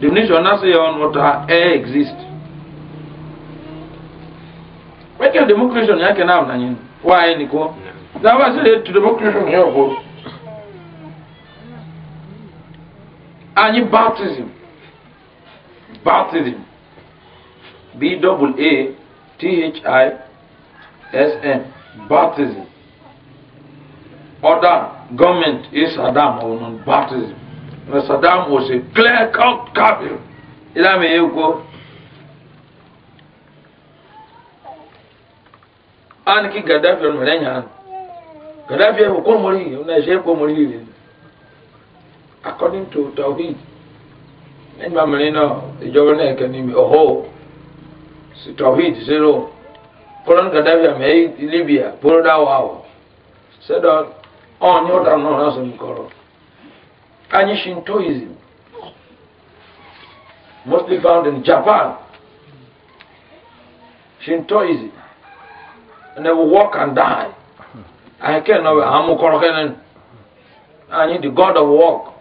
definition náà sì yẹ ọ̀nà exist. waaye ni ko daba se tudu bok yo ko anyi baptism baptism b double a t h i s m baptism order government is saddam onon oh, baptism saddam was a clear cut kafir ilami yeko an ki gaddafi on mare nyaa gaddafi ko ko mori na je according to tawhid en ba mare no ijoba na ke ni mi oho si tawhid zero poron gaddafi ame libya poro da wawo sedo on yo da no na so nkoro anyi shintoism mostly found in japan shintoism and they will walk and die. I can know Amukorokenan. I need the God of walk.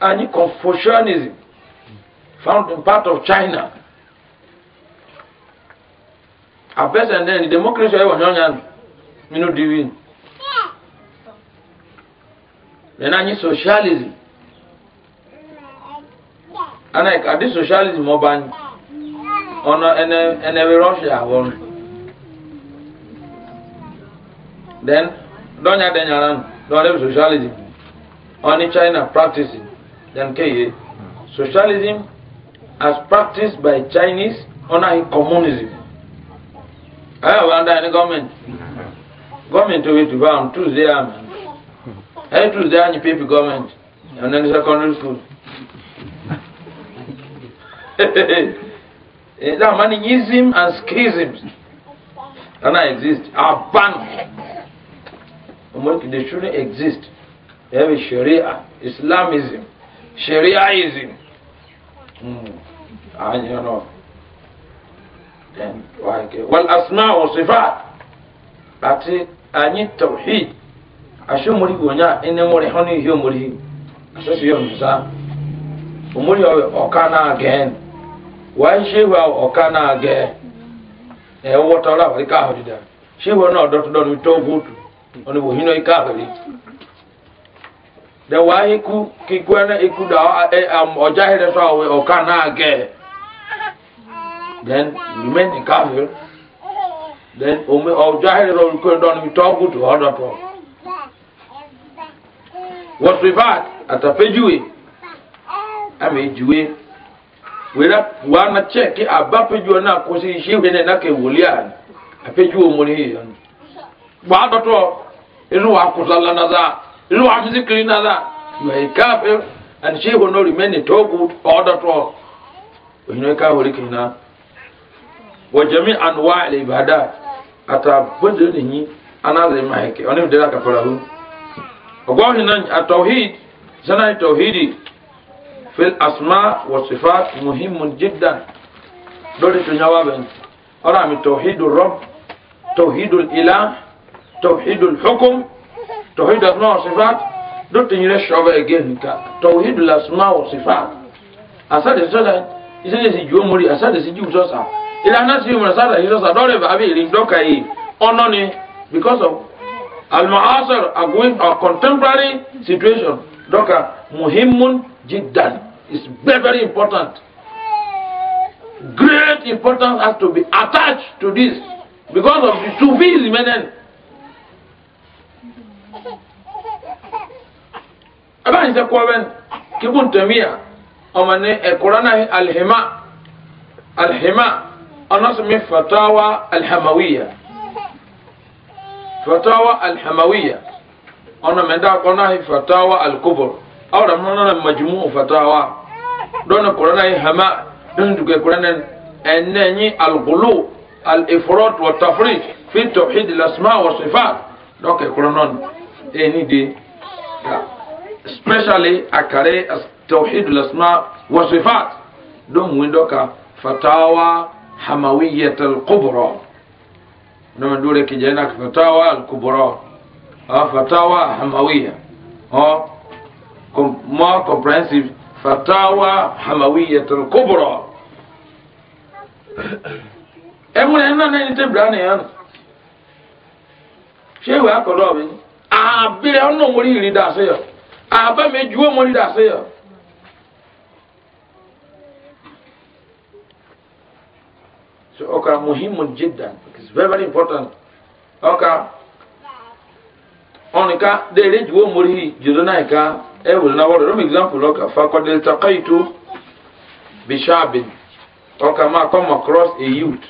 I need Confucianism, found in part of China. A person then the democracy was not you know doing. Then I need socialism. And I this socialism, ọba ọ̀nà ẹnẹ ẹnẹ Russia wọn. then do dɔnya dɛ nyara Don't have socialism Only china practicing then keye hmm. socialism as practiced by chinese ɔna yi communism ɛyɛ wɔn da Government gɔọmenti gɔọmenti wey tu baa tuesday am ɛyɛ tuesday anyi paper gɔọmenti ɛna ni secondary school eh, that man and schisms ɛna exist are banned. Umar, they shouldn't exist. They have a Sharia, Islamism, Shariaism. Mm. I don't know. Then, well, asma or sifat. That's it. in the morning, honey, Umuri Okana again. Why she will Okana again? Eh, what all of the car did that? She will not, Dr. Don, we told ọ̀nà wò hinna ika àwẹ̀rẹ̀ dẹ̀ wá ikú kíkú ẹ̀rẹ́ ikú dà ọjà ẹ̀rẹ́ sọ àwẹ̀ ọ̀ka náà gẹ̀ then eh, eh, um, then omi ọjà ẹ̀rẹ́ sọ olùkọ́ ẹ̀dọ́ ni tọ́ gùdù ọ̀dọ̀ tọ̀ wọ́n ti bá àtàfẹ́júwe àmì ìjúwe wera wana cheki abapejuwa na kusi ishiwe ne nake wuliani apejuwa muni hiyo bwa inu wa kutala naza inu wa fizikiri naza you are a kafir and she will not remain a togut order to all oyinna ka hori kina wa jami anwa al ibada ata bodo ni yin ana le ma heke oni de la kafara hu ogwa ni nan at-tauhid sana tauhidi fil asma wa sifat muhimun jiddan dole to nyawa ben ora mi tauhidur rabb tauhidul ilah tawhidul hukum tawhidul asma wa sifat do tinyere shoba again e ka tawhidul asma wa sifat asade sala isede si juo mori asade si ju sosa ila na si mu asade si sosa dole ba bi rin doka yi ono ni because of al muasir agwin or contemporary situation doka muhimmun jiddan is very very important great importance has to be attached to this because of the sufi remaining aban se ko ben kibun tamia o mane e qur'ana alhima alhima anas mi fatawa alhamawiyya fatawa alhamawiyya ona menda ko na hi fatawa alkubur awra mo na majmu fatawa dona qur'ana hama don duke qur'ana enenyi alghulu الافراط والتفريط في توحيد الاسماء والصفات دوك قرنون اني دي yeah. especially a kare as tawhid lasma wa sifat don windoka fatawa hamawiyyat al-kubra No ndure kijana fatawa al-kubra ah fatawa hamawiya oh com more comprehensive fatawa hamawiyyat al-kubra emule na na nani tebrane yana shewe akodobi abire ah, onno muri ridase ya aba me juo mo da se yo so oka muhimu jiddan it's very very important oka onika de re juo mo ri jido na ka e wo na wo ro example oka fa ko del taqaitu bi shabin oka ma come across a youth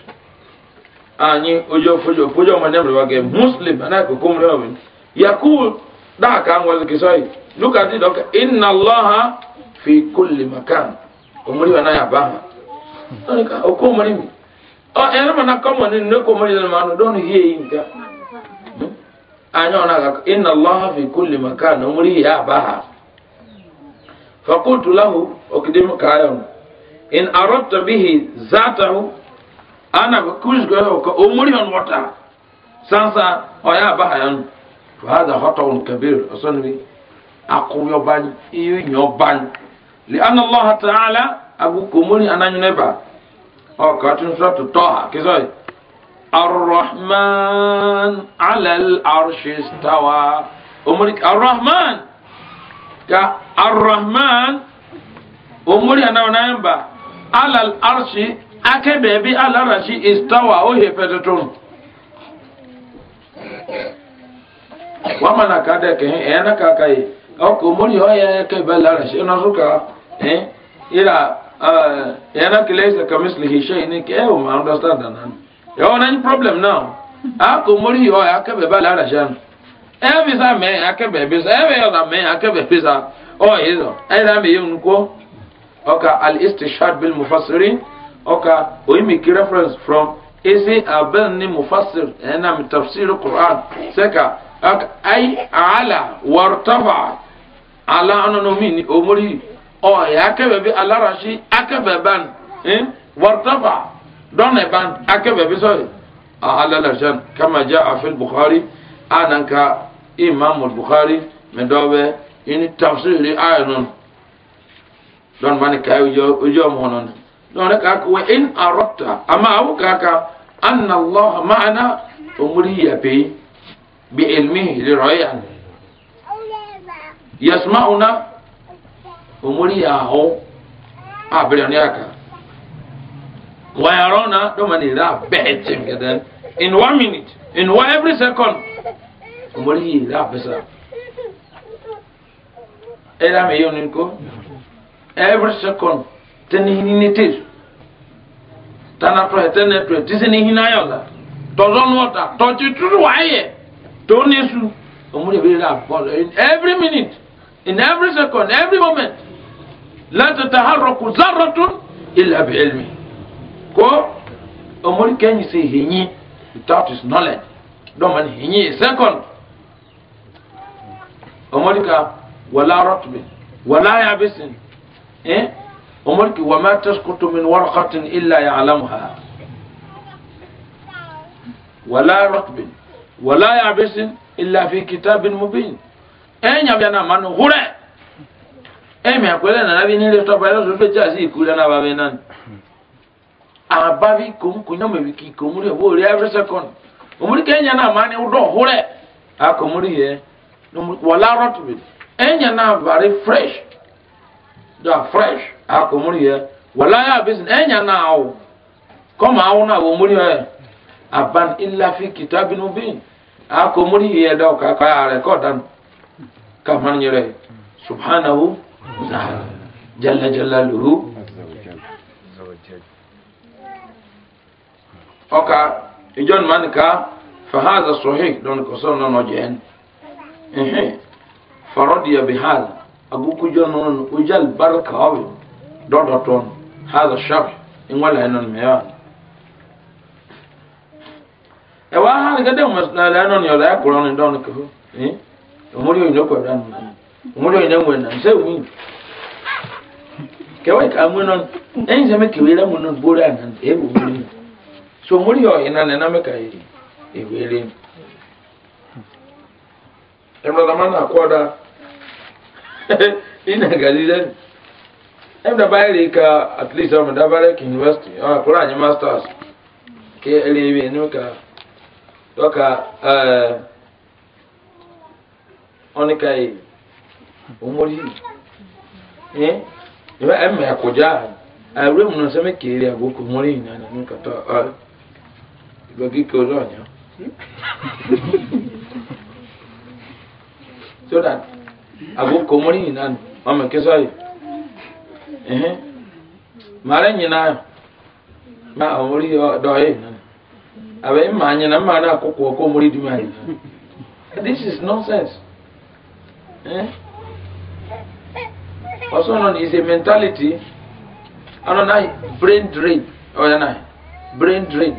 anyi ojo fojo fojo mo ne mri wage muslim ana ko kumre yakul da ka ngol kisoi look at it okay inna allaha fi kulli makan omori wa naya baha onika oko m mi o na mana kọmọ ni manu hmm? anya inna fi kulli makan ya baha fakultu lahu okidim kayon in arabta bihi zatahu ana kuzgo ka omori on wata sansa o ya baha yanu kabir akuri ọba ni iye yẹn ọba ni le ana allah ta'ala agbóko mórí anányúnẹ́bà ọkọ̀ àtúnṣe àtúntọ́ àkísọ́ yìí arrahman alal arshis tawa omori arrahman ka arrahman omori anányúnẹ́bà alal arshi ake akẹ́bẹ̀ẹ́bí alal arshi istawa o yẹ pẹ́tẹ́ tó nù. wamana kada ke ena kaka yi ọkọ̀ mọ́lì ọ̀yẹ́ ẹ̀kẹ́ bẹ́ẹ̀ lára ṣe ọ̀nà sọ́kà ẹ̀ ìrà ẹ̀yẹ́nà kìlẹ̀ ẹ̀sẹ̀ kàmísìlì ìṣe yìí ní kẹ́ ẹ̀ ò máa understand àná ni ẹ̀ ọ̀nà ní problem náà ọkọ̀ mọ́lì ọ̀yẹ́ akẹ́bẹ̀ bẹ́ẹ̀ lára ṣe àná ẹ̀ bísà mẹ́ akẹ́bẹ̀ bísà ẹ̀ bẹ́ẹ̀ ọ̀dà mẹ́ akẹ́bẹ̀ bísà ọ̀yẹ́ zọ ẹ̀ dà mẹ́ yẹn nukọ́ ọkà al-istishad bil mufassiri ọkà oyimiki reference from isi abel ni mufassir ẹ̀ nà mi tafsir quran sẹ́ka ay ala wartafa ala ɔnono mi ni omori ɔyɛ akɛbɛ bi alarasi akɛbɛ ban ɛn eh? wɔrtafa dɔnɛ ban akɛbɛ bi sɔrɔ alalasan kama ja afil bukhari ananka imam bukhari mɛ dɔw bɛ ini tafsiri ayɛ nɔn dɔn mani kaa ojo ojo mɔɔ nɔn dɔn ne kaa wa in arɔta ama awo kaa ka anna allah maana omori yɛ pe bi ilmihi lirɔyan yasmauna omuli yaho abirani aka wayarona domani ra betim gadan in one minute in one every second omuli ra besa era me yo ninko every second teni hinitir tana to tene to tisini hinayola tozon water to chitu waye to nesu omuli bi ra ball in every minute in every second, every moment. لا تتحرك ذرة إلا بعلمه. كو أمور كان يسي without his knowledge. دوما هني second. أمور كا ولا رطب ولا يابس. إيه؟ أمور كي وما تسقط من ورقة إلا يعلمها. ولا رطب ولا يابس إلا في كتاب مبين. enya enyabya na manu hure emi akwele na nabi nile topa ya zofe jazi ikule na babe nani ababi kum kunya me wiki komuri bo ri every second omuri kenya na mani udo hure akomuri ye wala rotbi enya na very fresh da fresh akomuri ye wala ya business enya na awu koma awu na omuri ye aban illa fi kitabin mubin akomuri ye da ka ka record kaman yɛrɛ subhanahu wa ta'ala jalla jalaluhu ɔka ijon man ka fahaza sahih don ko so no jen ehe faradiya bihal abu ku jonon ujal barka awi dodoton hada shar in wala enon meya ewa han ga de mo na la non yo la ko non don ko eh omuli oyo nokwera omuli oyo nemwena nse wini kewe kamwe so e, e ina ewere emra dama na akwada ina galize emra ka at least am da bare university anyi ah, masters ke ɔnikai omori ɛ ɛmɛ ɛmɛ akɔdza awura mu n'ɔsɛmɛ kiri agogo omori yina nanu kata ɔ gbagi ke ɔlɔ nya so that agogo omori yina nu ɔmɛ kɛsɛ ayi ɛhɛn mara nyina ma omori dɔye nanu abɛ ma nyina ma na akoko ɔkɔ omori di ma yina this is nonsense. Eh? Also known is a mentality ọnọ náà brain drain ọyọ oh, náà brain drain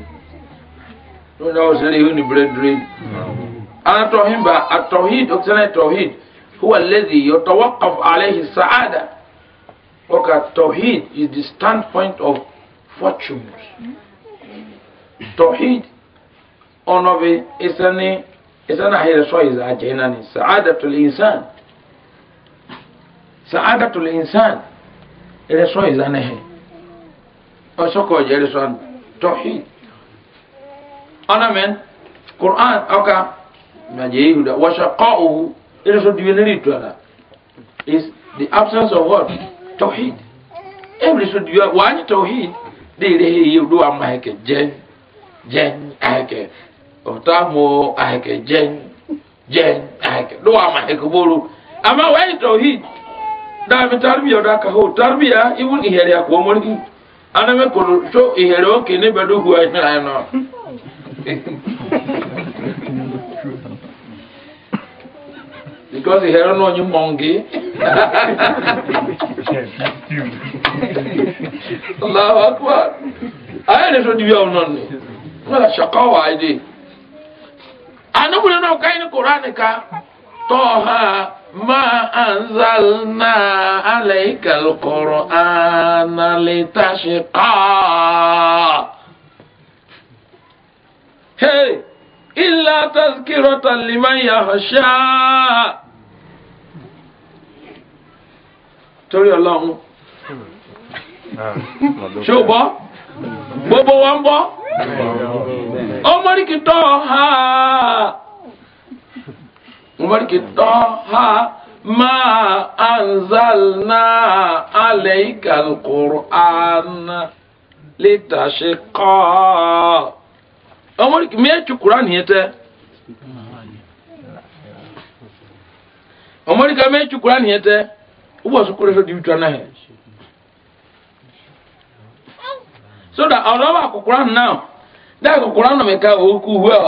ló ní ọsẹ ní ihu brain drain hmm. anatọhin ba atọhin ọsẹlẹ tọhin huwa lezi yọtọwọ kọf alehi saada ọkà tọhin is the standpoint of fortunes tọhin ọnọ bi ẹsẹ ní ẹsẹ náà ayẹyẹ sọ ìzà àjẹ náà ní saada tó insan sa'adatul insan ireso izanehe osoko jeriso tawhid ana men qur'an aka naje yuda wa shaqa'u ireso diweneri twala is the absence of what tawhid every so diwa wani tawhid de rehe yudu amma heke je je heke otamo heke je je heke do amma heke boro amma wani tawhid da bi tarbiya da ka ho tarbiya ibun ihere ya ko morgi aname ko to ihere o ke ne be do huwa ina no because ihere no nyi mongi Allahu akbar ayi ne so di ya onon ni mala shakawa ide anubule na ukai ni qur'ani ka طه ما أنزلنا عليك القرآن لتشقى هي إلا تذكرة لمن يخشى torí ọlọ́run ṣó bọ́ gbogbo wọn bọ́ ọmọ rí ha. mbariki toha ma anzalna alayka alquran litashqa omoriki me chukuran yete omorika me chukuran yete ubo sukure so diutwa na he so that ọlọ́wọ́ àkùkùrán náà dáàkùkùrán náà mẹ́ka òkú ya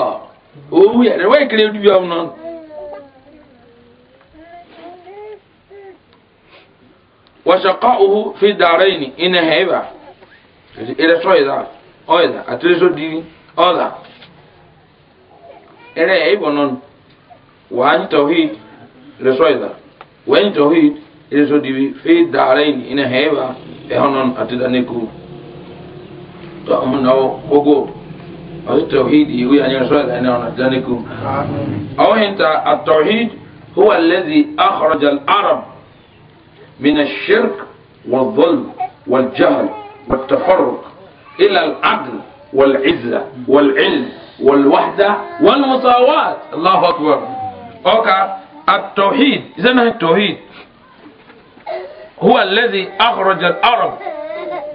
òwú yẹ̀rẹ̀ wẹ́ẹ̀kiri ẹ̀dúbíọ́ náà. وشقاؤه في الدارين إن هيبة إلى شو إذا أيضا أتريسو دي أيضا إلى هيبة نون وأن توحيد إلى شو إذا وعن توحيد إلى شو في الدارين إن هيبة إهنون أتدانيكو تأمنا وقو التوحيد يقول إيوه يعني رسول الله أنا أتدانيكو أو أنت التوحيد هو الذي أخرج العرب من الشرك والظلم والجهل والتفرق إلى العدل والعزة والعلم والوحدة والمساواة الله أكبر أوكا التوحيد إذا ما التوحيد هو الذي أخرج العرب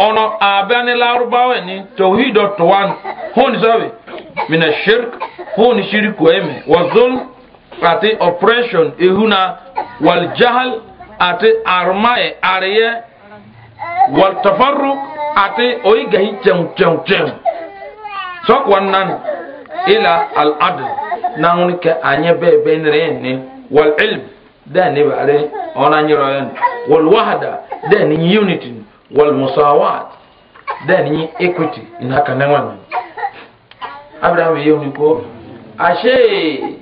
أنا أبان الأربعة وين توحيد التوان هون زاوي من الشرك هون شرك وهم والظلم فاتي أوبريشن إهنا والجهل ate armaye areye wal tafarruq ate oyi gahi tew tew tew sok wannan ila al adl na hun ke anye be be nre ni wal ilm da ne bare ona nyiro yen wal wahda da ni unity wal musawat da ni equity ina kanan wannan abraham yewu ko ashe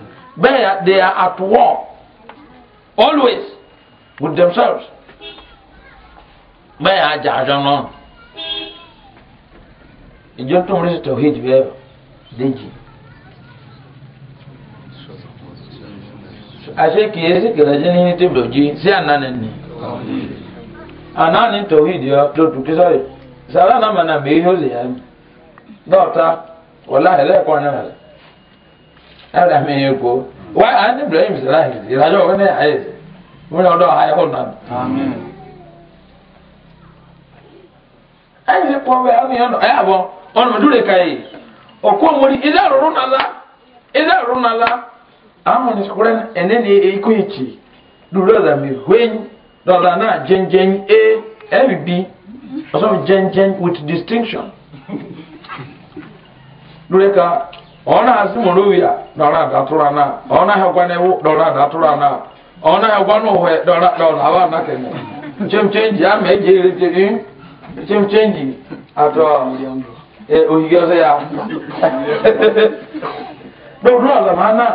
where they are at war always with themselves bẹ́ẹ̀ ajá àjọ náà ìjọ tó ń rí tawhid bẹ́ẹ̀ déjì àṣẹ kìí sí kìlẹ̀jẹ́ ní tèbìlì òjì sí ànáni ni ànáni tawhid yọ tó tù kí sọ́ọ̀rì náà nà yóò lè yá mi dọ́ọ̀ta wọ́lá náà rẹ̀. ɛwura ko wa ani bila yin misiri ayi misiri ayi o ayi o ɔdɔ ayi o nan. ayi kpɔ bɛ ayi yɛ ayi abɔ ɔnum dure ka yi ɔkɔ mori ɛdá ruru nala ɛdá ruru nala amu ni sukura ɛnɛ ni eyi ko yi tsi duro la mi hwen dɔla na bi ɔsɔ mi with distinction ọna asị mụrụ ya dọrọ adatụrụ ana ọna ahịakwa n'ewu dọrọ adatụrụ ana ọna ahịakwa n'ụhwe dọrọ dọrọ awa ana kene chemchenji ama eji erite chemchenji atọ e, ohige ọsọ ya dọrọ ọla ma ana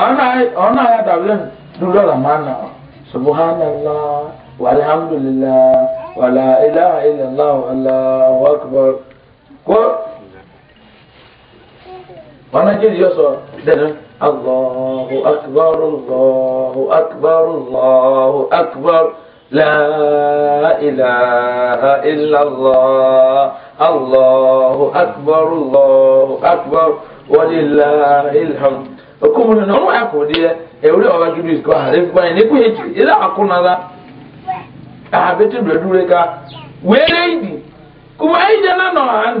ọna ahịa dabere dọrọ ọla ma ana wala ilaha ko وانا جيت يوصل الله أكبر الله أكبر الله أكبر لا إله إلا الله الله أكبر الله أكبر ولله الحمد okumuni na ọmọ ẹkọ deɛ ewúrẹ ọba judu ìsìkọ ààrẹ fún báyìí n'ekú yẹn ti ilé àkúnnala àbẹtẹ dùrẹdùrẹ ká wẹẹrẹ yìí kùmọ ẹyìn jẹ nánà ọhánù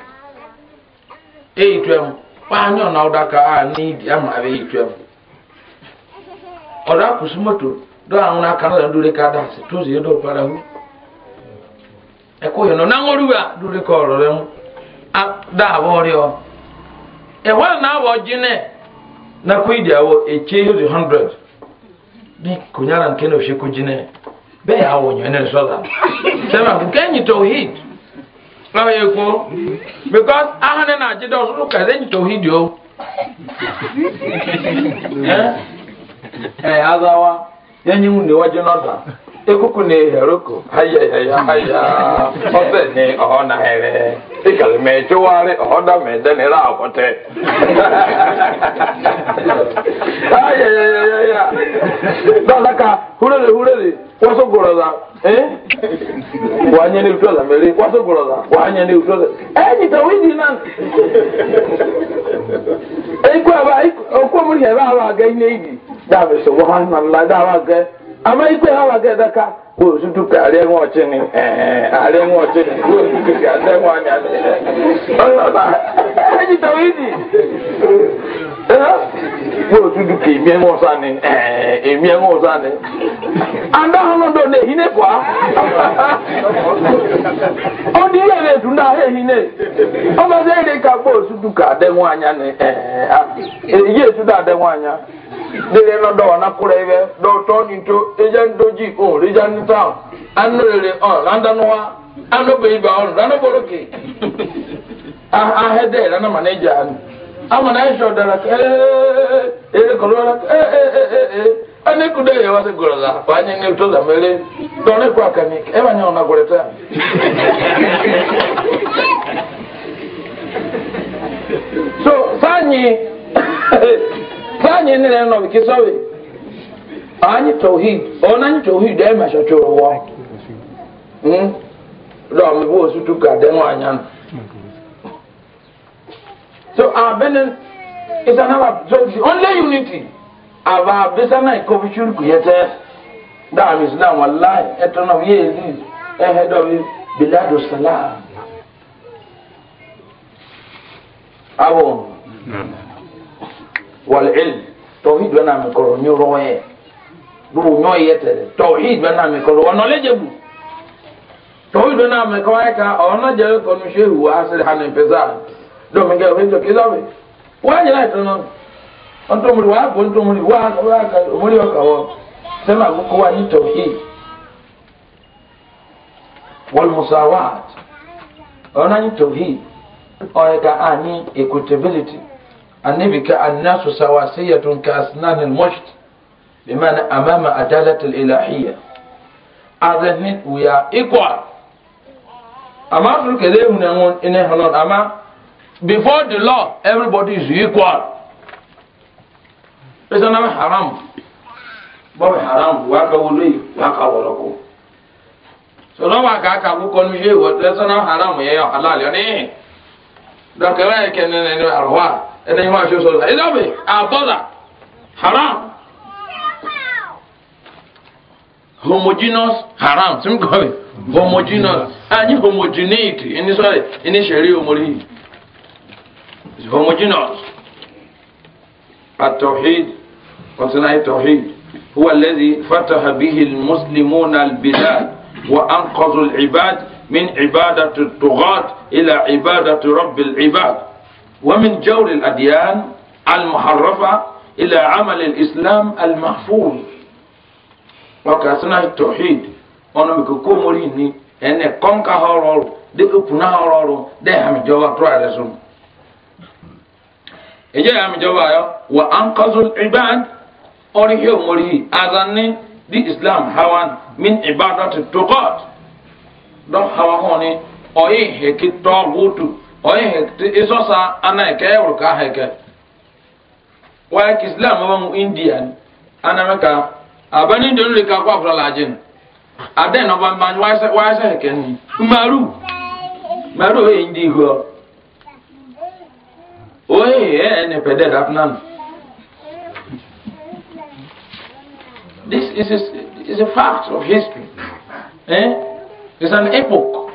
eyitwam waanyɛ ɔna ɔdaka a ne yi ama abe eyitwam ɔda kusu moto do àwọn aka la dure ka da se tozi do para hu ɛkò yɛ no nangoruwa ka ɔrɔ lɛ mu a da abɔri ɔ ɛwɔ na gyinɛ na kò yi di awɔ ekyɛ yi di hundred bi kò nyara nkɛ na o se ko gyinɛ bɛɛ yà awɔ nyɛ ne sɔla sɛmɛ kò kɛnyi tɔ hit. lọ́wọ́ ya kú because ahọ́n ní nàìjíríà ọ̀ṣọ́rọ̀ kẹ̀sẹ́ ní tòhídì o. ẹ ẹ eh, azawa yẹn ní wùn ní wọ́jú ekuku na-eheroko hayahaya ọsẹni ọhọna ẹrẹ ikali mẹjọwari ọhọda mẹdẹnira àkọtẹ hayahaya dọlaka hurere hurere waso gorola wàá nyẹ ní ìfúlọ̀dà mẹ́rin nyẹ ní ẹ̀yìn tó wí di náà ẹ̀ bá bá wà gẹ́ sọ wọ́n gẹ́. ama ikpe ha waga edaka wo tutu ka ari enwe ọchị ni eh, ari enwe ruo ni wo tutu ka ari enwe ọnyà ni yóò dúdú kì í eme ẹ̀hún ọ̀sán ni èmi ẹ̀hún ọ̀sán ni adáhùn ọ̀dọ̀ ní èyí nìkọ́ ó ní ilé rẹ̀ dùn náà èyí nì ọmọ sí èdè kagbó òsúdù kà dẹ́wọ̀n anya ni èyí èsúdù àdẹ́wọ̀n anya dèrè lọ́dọ̀ wọn akúrẹ́ rere ọ̀ bẹ̀yìí bá bọ̀rọ̀ kì ama na ɛsɛ ɔdara kɛ ɛɛ eh, eh, eh, kɔlɔ ɔdara kɛ ɛɛ ɛɛ ɛɛ ɛne ku de yɛ wase gɔlɔ la fa anyi ne to zamele dɔn ne kɔ akami ɛma nyɛ ɔna gɔlɔ ta so sanyi sanyi ne yɛn nɔbi kisɔbi anyi tɔhi ɔna anyi tɔhi dɛ ɛma sɛ tso wɔ dɔn mi b'o sutu ka dɛ ŋɔ anyan. So our is another. So the only unity of our Bisana Kovishul that is now a lie. eternal years ahead of it. Bilad Salam. Awo. Wal'il. Tawhid wana mikoro nyoro ye. yetere. Tawhid mikoro wa knowledgeable. Tawhid mikoro eka ono jere konu shehu domenge omenjo kilobe wanyira itono ontomuli wabo ontomuli waka omuli wakawo sema kukuwa ni tauhid walmusawat ona ni tauhid oyeka ani equitability annabi ka annasu sawasiyatun ka asnan almusht bimana amama adalat alilahiyya azan we are equal amma su kele hunan ina hanon amma before the law everybody is equal ẹsẹ náà haram bọ́ọ̀bù haram wà ka wọlé yìí wà á ka wọlé kó sọlọ́wọ́ àkàkà kúkọ́ ní yé ẹsẹ náà haram yẹ yọ halal yọ ní dọ̀kẹ́rẹ́ yẹ kẹ́ ẹni ẹni àrùwá ẹni ẹni wà á ṣe ẹni haram Homogenous haram tí n kọ́ mi homogeneous a homogeneity ẹni sọ̀rọ̀ ẹni sẹ̀rí omori yìí. is homogeneous التوحيد وصناعة إيه التوحيد هو الذي فتح به المسلمون البلاد وأنقذوا العباد من عبادة الطغاة إلى عبادة رب العباد ومن جور الأديان المحرفة إلى عمل الإسلام المحفوظ وكاسنا التوحيد أنا بكو مريني أن كونك هارور دي أبنا هارور دي هم جواب رأي رسول eje ya mijoba yo wa anqazul ibad ori hiyo mori azanni di islam hawan min ibadati tuqat do hawa honi oyi heki togutu oyi heki isosa ana ke ewru ka heke wa ki islam wa mu indian ana meka abani don le ka kwa fura lajin aden no ban ban wa se wa se heke ni maru maru e indi go Eh, this is a, is a fact of history eh? it's an epoch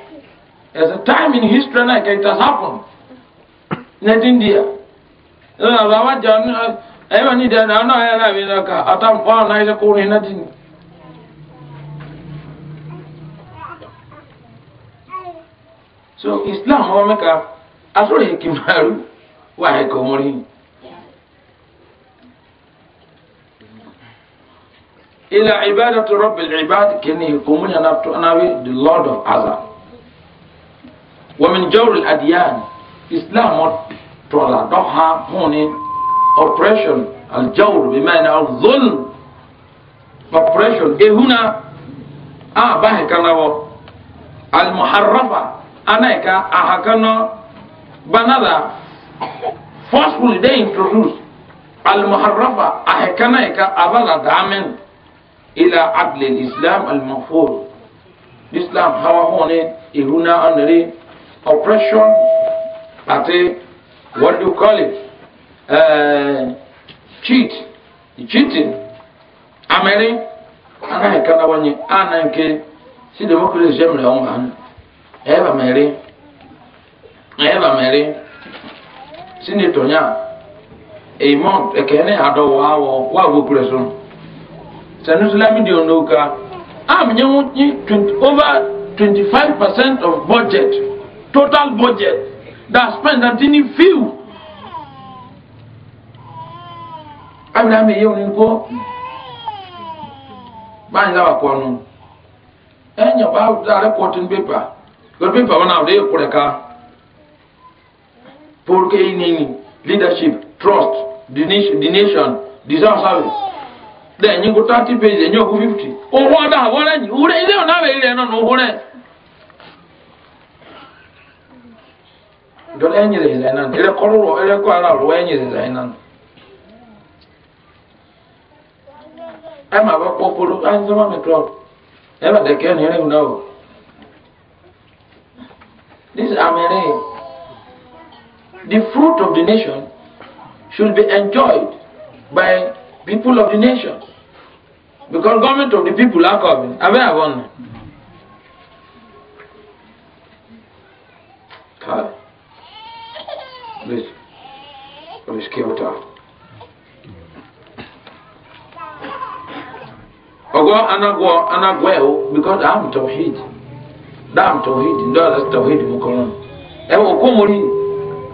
there's a time in history like it has happened net india so islam wọn mẹka asọrọ yìí kì í máa وعلى قمرين إلى عبادة رب العباد كنه قمرين نبتو أناوي the lord of Allah ومن جور الأديان إسلام طولا دوحا هونين oppression الجور بمعنى الظلم oppression إيه هنا آه باهي كانوا المحرفة أنا كا أهكنا بنادا forcefully they introduce introduced المحرفة أحكناك أبغى دامن إلى عدل الإسلام المفروض الإسلام هو هون هنا أنري oppression أتي what do you call it uh, cheat cheating أمري أنا هكذا وني أنا إنك si democracy jẹ́ mi lẹ́wọ̀n hàn bá mẹ́rin ẹ̀ bá mẹ́rin sini tonya eimon eh, ekene eh, ado wawo wawo kuresun sanusulami di onoka am ah, nyemunyi over 25% of budget total budget that spend few. didn't feel abinami yewu ni eh, ko báyìí láwà kọ́ nu ẹ̀yìn ọba àrẹ paper. pépà paper wọn náà ọ̀dẹ́ èkó rẹ̀ ká. pour que ini leadership trust the nation deserve service then you go 30 pages then you go fifty owó ọdọ àwọn ẹni wúrẹ ilé ọ̀nà àwẹ̀ ilẹ̀ náà ló wúrẹ. dọ́lá ẹ̀yìn rẹ̀ ìlànà ẹ̀rẹ́kọ́ rọ̀ ẹ̀rẹ́kọ́ ara rọ̀ ẹ̀yìn polo ẹ̀ ń sọ́mọ́ mi tọ́ ẹ̀ bàtẹ̀ kẹ́hìn this is yìí. the fruit of the nation should be enjoyed by people of the nation because government of the people are coming abẹ́ àwọn nà. Please, please keep it up. Ogo anagwo anagweo oh, because I'm tawhid. Dam tawhid, ndo tawhid mukono. Ewo Okumori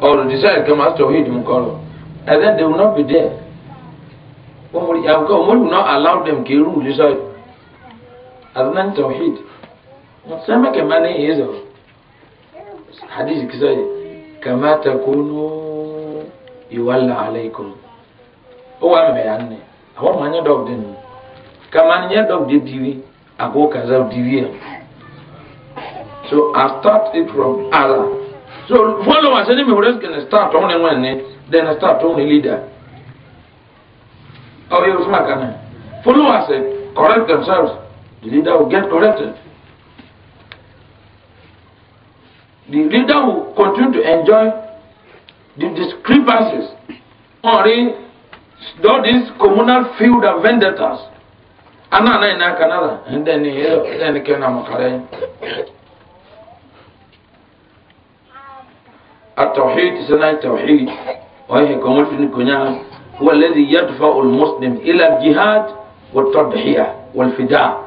or decide come as tawhid mukoro and then they will not be there umuri abuka umuri will not allow them to rule decide adnan tawhid sema kama ni hizo hadithi kisaje kama takunu yuwalla alaikum owa me yanne awon manya dog den kama nya dog de diwi ago kaza diwi so i start it from allah so followers ẹni mi wúrẹ́sì kìnnì start ọ̀hún ẹ̀wọ̀n ẹ̀ní then eh? start ọ̀hún ẹ̀ leader ọ̀ yẹ fún àkànnà eh? followers ẹ̀ eh? correct themselves the leader will get corrected the leader will continue to enjoy the discrepancies ọ̀rí all these communal field and vendettas anáà náà ẹ̀ náà kànáà ẹ̀ ń dẹ́ni ẹ̀ ẹ̀ ń kẹ́ ẹ̀ náà mọ̀kàrẹ́ yẹn. التوحيد سنة التوحيد وهي كمول في الدنيا هو الذي يدفع المسلم إلى الجهاد والتضحية والفداء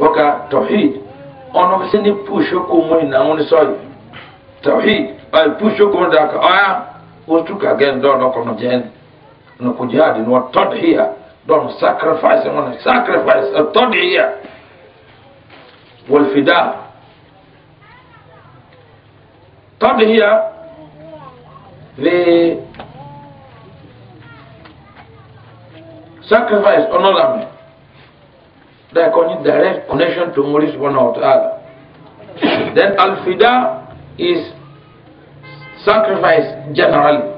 وكا توحيد أنا مسني بوشكو مهنا أنا سوي توحيد أي بوشكو من ذاك آه وتوكا جن دون نكون جن نكون جهاد والتضحية دون sacrifice من sacrifice التضحية والفداء طب هي the sacrifice honorable that contain direct connection to Moses one of Allah. Then al-fida is sacrifice generally.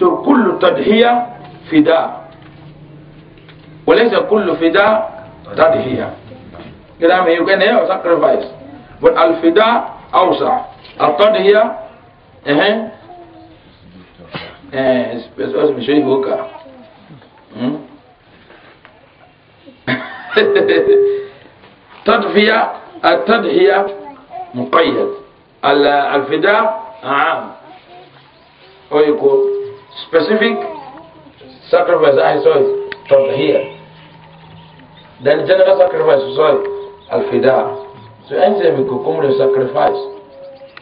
So كل تضحية فداء وليس كل فداء تضحية. كلام يقول sacrifice but al-fida أوسع الطرد هي إيه بس بس مش هيك بوكا تضحية التضحية مقيد الفداء عام أو يقول specific sacrifice I saw it تضحية then general sacrifice sorry الفداء so أنت بيكون sacrifice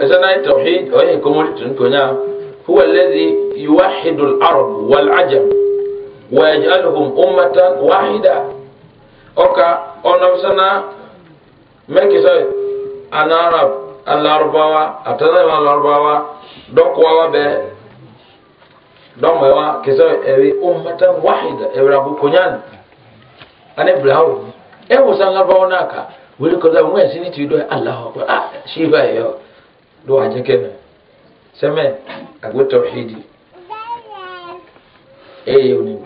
أسنا التوحيد وهي كمولتن كنا هو الذي يوحد العرب والعجم ويجعلهم أمة واحدة أوكا أنفسنا ملك سوي أنا عرب الأربعة أتنا من الأربعة دقوا به dɔnku ɛwa kisɛ ɛwi ummata wahida ɛwurabu kunyan ani bilawo ɛwusan labawo n'aka wuli kɔsɛbɛ ŋun yɛ sini ti do alahu akpa ah do a jin kenan sɛmɛ a ko tawhidi e eh, ye o ni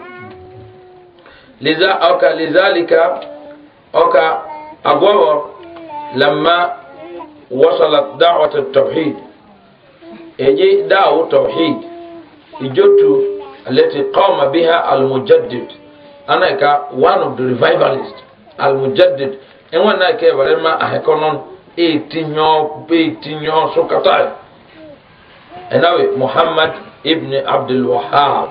liza ɔka lizalika ɔka a gɔbɔ lamma wasalat da'wat tawhid eji da'u tawhid ijotu التي قام بها المجدد أنا كا one of the revivalists المجدد إن وانا كا ولما أهكونون etinyo betinyo sokatai enawe muhammad ibn abdul wahab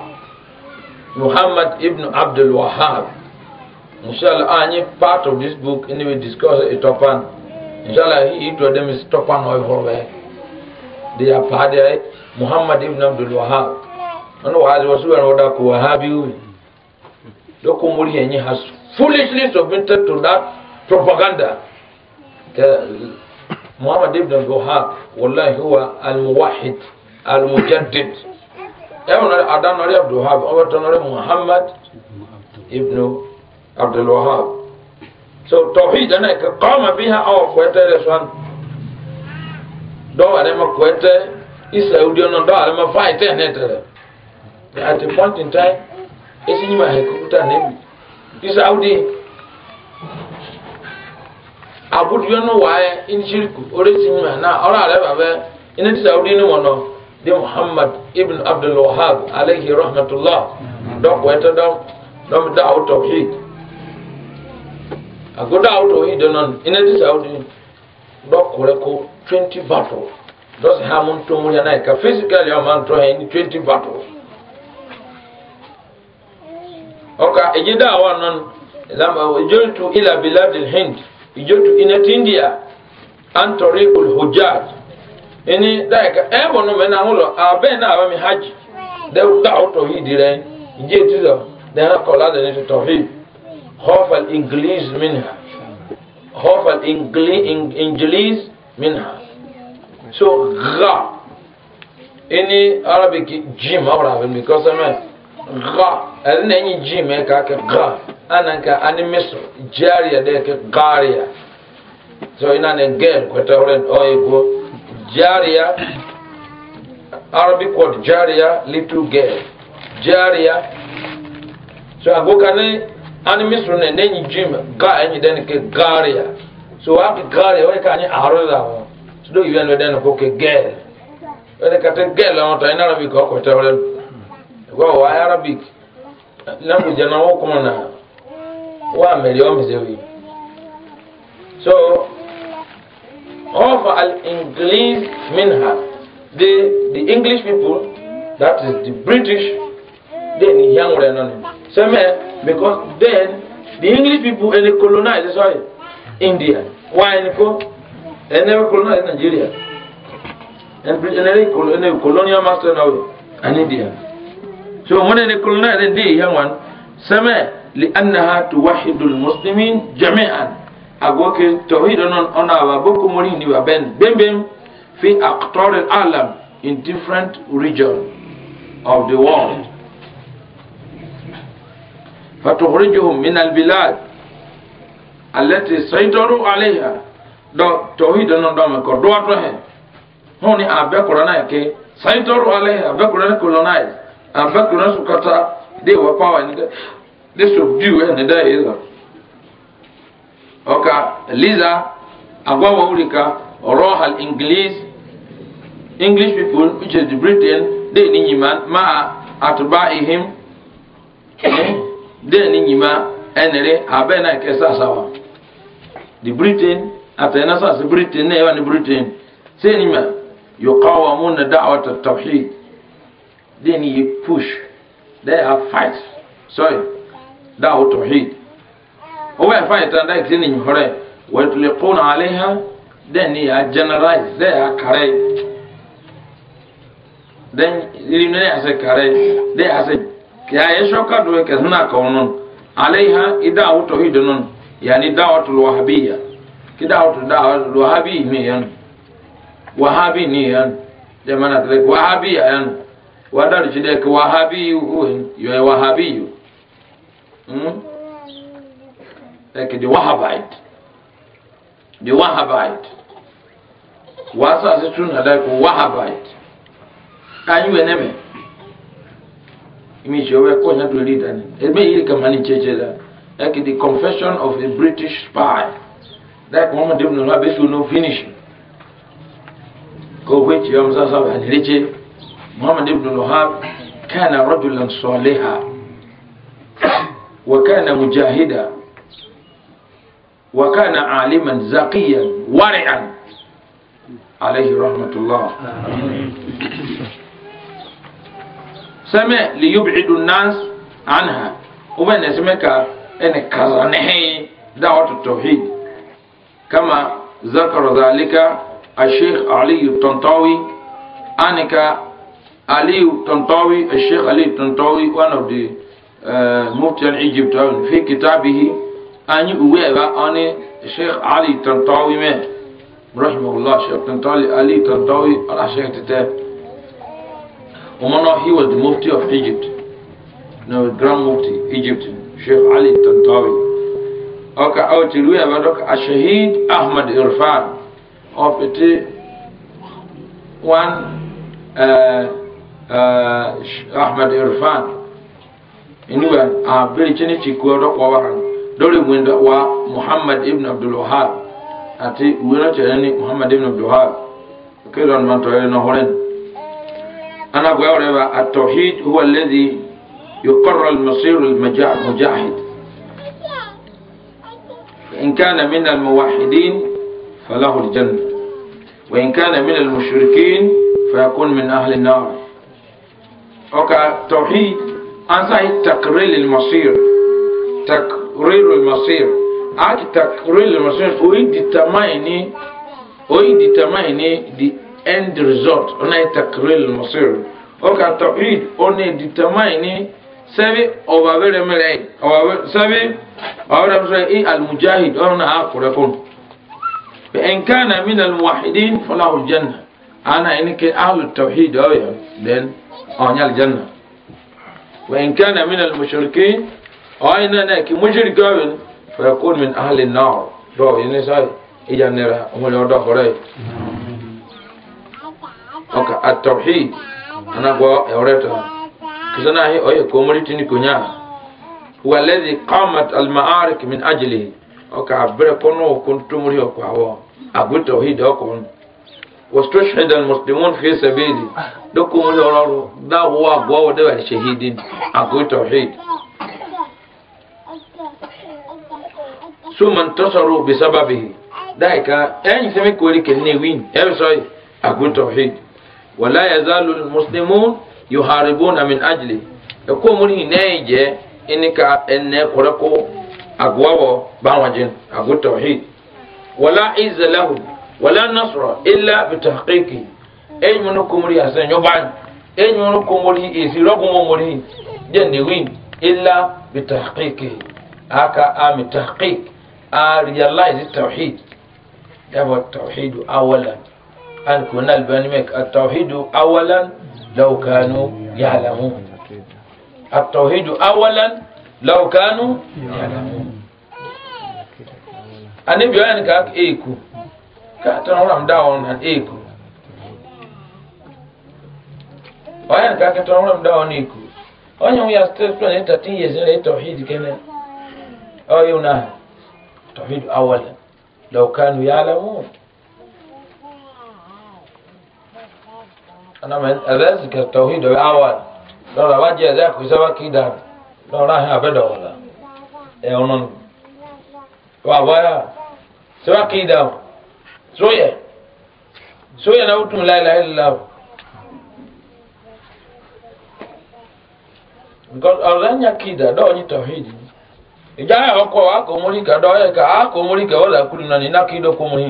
muhammad ibn abdul wahab inshallah any part of this book and we discuss it upon inshallah he to them is topan or horwe they are father muhammad ibn abdul wahab ono wazi wasu wana wada ku wahabi dokumuri yenye has foolishly submitted to that propaganda الكائل محمد ابن الوهاب والله هو الموحد المجدد أنا أدان نري عبد الوهاب أو تنري محمد ابن عبد الوهاب so توحيد أنا كقام بها أو كويت رسوان دو على ما كويت إسرائيل أنا دو على ما فايت هنتر at a point in time إسني ما هيكوتا نبي إسرائيل abudu yɔnu waaye injiriku oresi nyuma na ɔrɔ alɛ babɛ ina ti sɛ ɔdi ni wɔnɔ di muhammad ibn abdul wahab alayhi rahmatulah dɔkɔ ɛtɛ dɔm dɔm da awo tɔwhid ago da awo tɔwhid nɔn ina ti sɛ ɔdi dɔkɔrɛ ko twenty battle dɔsi ha mu ntomu yɛ n'ayi ka physically ɔma ntɔ hɛ ni twenty battle ɔka egye da awa nɔn ɛdam ɛdjolitu ila biladil hind ijotu ina tindia an tariqul hujjaj ini daika e bonu mena hulo abe na abe mi haji de da auto hi dire je tizo de na kola de ni tawhid khof al inglis minha khof al inglis minha so gha ini arabic jim awra because i mean gha elne ni jim e eh, ka ke gha ananka ani misr jariya de ke gariya so ina ne gel ko tawren o ego jariya arabic word jariya little girl jariya so ago kane ani misr ne ne jim ga enyi den ke gariya so wa ke gariya wa ka ani aroza ho so do yu eno den ko ke girl ele ka te gel on ta ina arabic ko ko tawren go wa arabic language na wo kuma na wa million zewi so of al english minha the the english people that is the british they ni yan wura non because then the english people they colonize sorry india why ni ko they never colonize nigeria and they colonial master now and india so when they colonize they yan one so لأنها توحد المسلمين جميعا أقولك توحيد أنا وابوكو مولين وبن بن بن في أقطار العالم in different regions of the world فتخرجهم من البلاد التي سيطروا عليها دو توحيد أنا دوما كردوا تهم هوني أبكر أنا كي سيطروا عليها أبكر أنا كولونايز أبكر أنا سكتا دي وفاوا list of view ẹ̀ ní dáyé lọ. ọkà liza agwawo ka ọrọ hal english english people which is the britain dey ni nyima ma atuba ihim dey eh? ni nyima ẹnere abẹ náà kẹsà sáwà the britain àtẹnà sàṣẹ britain náà yẹ wà ní britain sẹ́yìn ni mà yóò kọ́ àwọn ọmọ náà dá àwọn tọ̀tọ̀ hìí ni yẹ push dey ha fight So. دعوة توحيد هو يفعل تندى زيني ينهر ويطلقون عليها دنيا جنرايز ذا كاري دن يرينا أسي كاري دي أسي. كيا يشوكا دوي كسنا كونون عليها إدعوة توحيد نون يعني دعوة الوهابية كدعوة دعوة الوهابي نيان وهابي نيان جمانات لك وهابي يعني ودارش ديك وهابي يوهن يوهن وهابي يوهن like hmm? the Wahhabite. The Wahhabite. Wasa is true like Wahhabite. Can you enemy? Imi chewe ko na to lead it. Ebe yiri kama ni cheche da. Like the confession of a British spy. That Muhammad ibn Allah basically no finish. Ko which yam sasa ba ni leche. Muhammad ibn Allah kana rajulan salihan. وكان مجاهدا وكان عالما زقيا ورعا عليه رحمة الله سمع ليبعد الناس عنها ومن اسمك أن كزنه دعوة التوحيد كما ذكر ذلك الشيخ علي الطنطاوي أنك علي الطنطاوي الشيخ علي الطنطاوي one of the آه، مفتي الإجبت في كتابه أن يؤوى أن الشيخ علي تنطاوي مه رحمه الله الشيخ تنطاوي علي تنطاوي على شيخ تتاب ومن he was the mufti of Egypt no grand mufti Egypt الشيخ علي تنطاوي أوكا أو تلوي بدك الشهيد أحمد إرفان of it one uh, uh, أحمد إرفان inuwa a bere chene chikuwa do kwa waran dole mwenda wa Muhammad ibn Abdul Wahab ati wena chene ni Muhammad ibn Abdul Wahab kero man to na horen ana gwa oreba at-tauhid huwa alladhi yuqarra al-masir in kana min al falahu al wa in kana min al fayakun min ahli nar oka tauhid أنتي تقرير المصير تقرير المصير أك تقرير المصير هو يدتمايني هو يدتمايني the end result أنا تقرير المصير أو كتقرير أنا يدتمايني سبي أو بعير ملأي أو سبي أو رمزي إيه المجاهد أنا أقول لكم فإن كان من الموحدين فله الجنة أنا إنك أهل التوحيد أويا then أهل الجنة وإن كان من المشركين أين نك مشرك فيكون من أهل النار دو ينسى إذا نرى هم يرضى خري أوكا التوحيد أنا قوى أوريتها كسنا هي أي كومريتني كنيا هو الذي قامت المعارك من أجله أوكا عبر كونو كنتم ريوكوا أقول توحيد أوكا واستشهد المسلمون في سبيلي دوكو مولورو دا هو غو دا الشهيدين اكو توحيد ثم انتصروا بسببه دايكا ان سمي كوري كني وين اي سوي توحيد ولا يزال المسلمون يحاربون من أجله، يكون مولي نيجي إنك إن كوركو اغواو باوجين اكو توحيد ولا عز لهم wala nasra illa bi tahqiqi en mun ko muri asan yo ban en mun ko muri isi rogun mo muri den ne win illa bi tahqiqi aka am tahqiq ar realize tawhid dawa tawhid awalan an kun albani mek at tawhid awalan law kanu ya'lamun at tawhid awalan law kanu ya'lamun anibi ka eku ka tana wuram dawon han eku eh, wayan ka ka tana wuram onye oh, ya still plan eh, ta tin yesin re eh, tauhid kene o oh, yuna tauhid awala ana ka tauhid awal dora waje soya soya na utum la ilaha illallah because ọ̀rẹ́ nya kida dọ́ọ̀ nyi tọ̀hídì ìjà wa ka dọ́ọ̀ a ká akọ̀mọ́rí ka ọ̀là kúrú nani iná kí dọ́kọ̀mọ́rí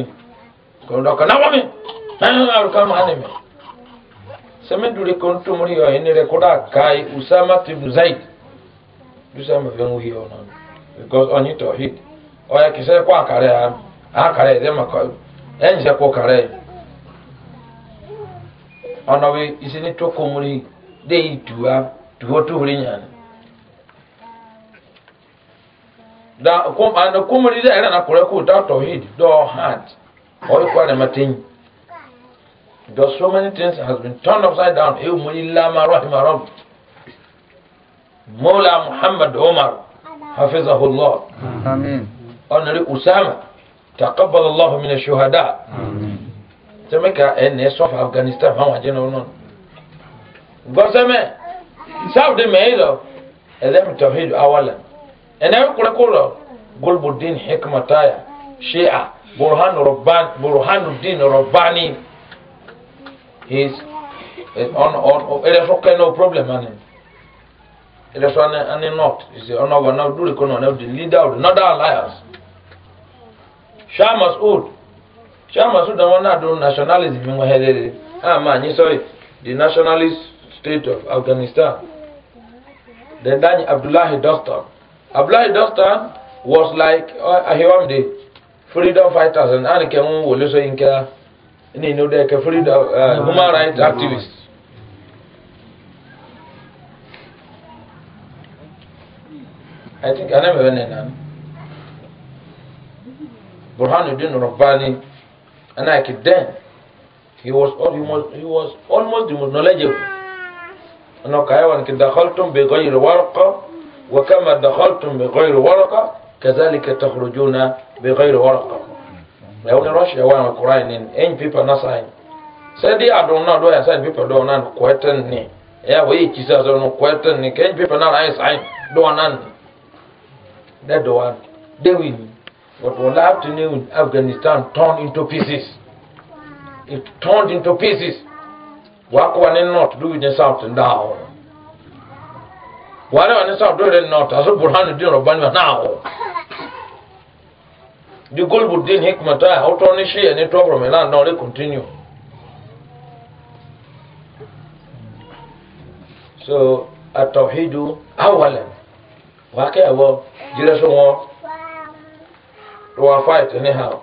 kọ̀ọ̀dọ̀kọ̀ náà wọ́mi náà àrùkà máa nì mí sẹ́mẹ́dúrí kò ń tó mọ́rí ọ̀ ẹni rẹ̀ usama ti zaid usama fẹ́ ń wí ọ̀ because ọ̀nyi tọ̀hídì ọ̀yẹ kìsẹ́ ha enze ko kare ono we isini to komuri de itua tuho tuhuri nyane da kum ana komuri da era na kore ko da tawhid do heart oy ko na matin do so many things has been turned upside down ewu muni la ma rahima rabb mola muhammad umar hafizahullah amin onare usama تقبل الله من الشهداء سمكا ان يسوف افغانستان فما جن ونون غسما ساود ميلو اذن توحيد اولا انا يقول كله قلب الدين حكمة تايا شيعة برهان ربان برهان الدين رباني is on on it is okay no problem man it is on any not is on over now do the the leader of the not alliance Shah Mas'ud Shah Mas'ud àwọn náà dún nationalism mi wọ́n hẹ́lẹ́lẹ́ ah man, nyi sọ́yì the nationalist state of Afghanistan then that Abdullahi Dostan Abdullahi Dostan was like ahiwamde uh, freedom fighters and ani kẹ́ ń wòlé sọ́yì nkẹ́ ní inú dẹ́ kẹ́ freedom human rights activists. I think I never went in. Um, Burhanuddin Rabbani, and I could then. He was, almost, he was almost the most knowledgeable. أنا كأيوان دخلتم بغير ورقة وكما دخلتم بغير ورقة كذلك تخرجون بغير ورقة لأن رشيا وانا القرآن إن إن بيبا نصعين سيدي أدونا دو يا سيد بيبا دو نان كويتن ني يا وي كيسا زونو كويتن ني كين بيبا نان عين سعين دو نان ده دوان دوين But one afternoon, Afghanistan turned into pieces. It turned into pieces. What one in north do in the south now? What one in south do in north? As a Burhan Din of Banwa now. The Gulbud Din Hikmatai, out on the Shia and it from the land now they continue. So, at Tawhidu, awalan. Wake awo, jirasu mo, wa fight anyhow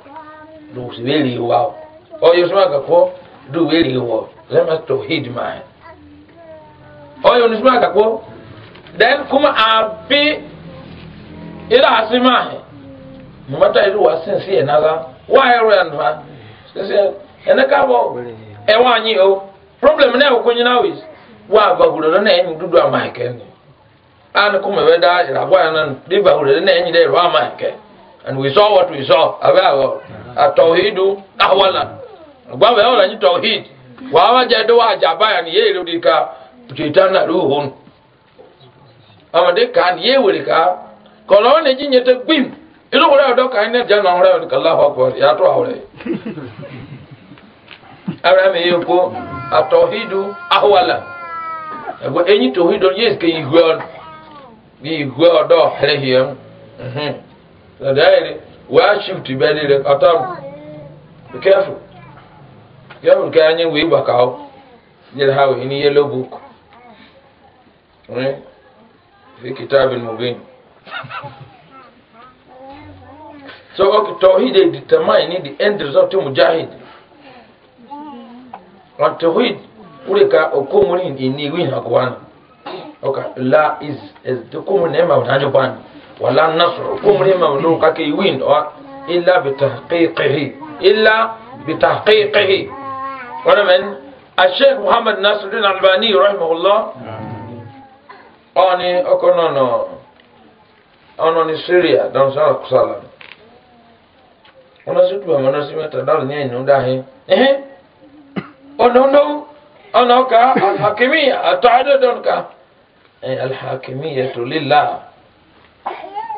do really wow or you smack ko do really wow let me to heed mine or you smack ko then kuma abi ila no matter you was sincere another why are you not e wa anyi o problem na ko nyina wis wa baguro na enyi dudu amake ni an kuma weda ira gwa na di na enyi de ro and we saw what we saw atohidu awo atɔhidu awalan gbabe tohid nyi tɔhid wàhálà jẹ ẹdínwó àjàbáyà ni yéé lóde ka tìtàn náà ló hòn ọmọdé ká ni yéé wèrè ká kọlọ wọn lè jí nyẹ ọdọ ká iná jẹ náà wúrẹ ọdọ kàlá ara awala So there, where shift to bed, be careful. Careful, can you we work out? You'll have in yellow book. ne Fi kitabin mubin. So, ok okay, Tawheed determine the end result of Mujahid. And Tawheed, ulika ni ni wi hakuwana. oka la is, is the kumu nema unanyo bani. ولا النصر كمر مملوك كي وين إلا بتحقيقه إلا بتحقيقه ولمن الشيخ محمد ناصر الدين الألباني رحمه الله أني أكون أنا أنا في سوريا دون سنة كسالة أنا سيدي أنا سيدي تدار نين نداهي إيه أنا أنا أنا كا الحاكمية دون كا إيه، الحاكمية لله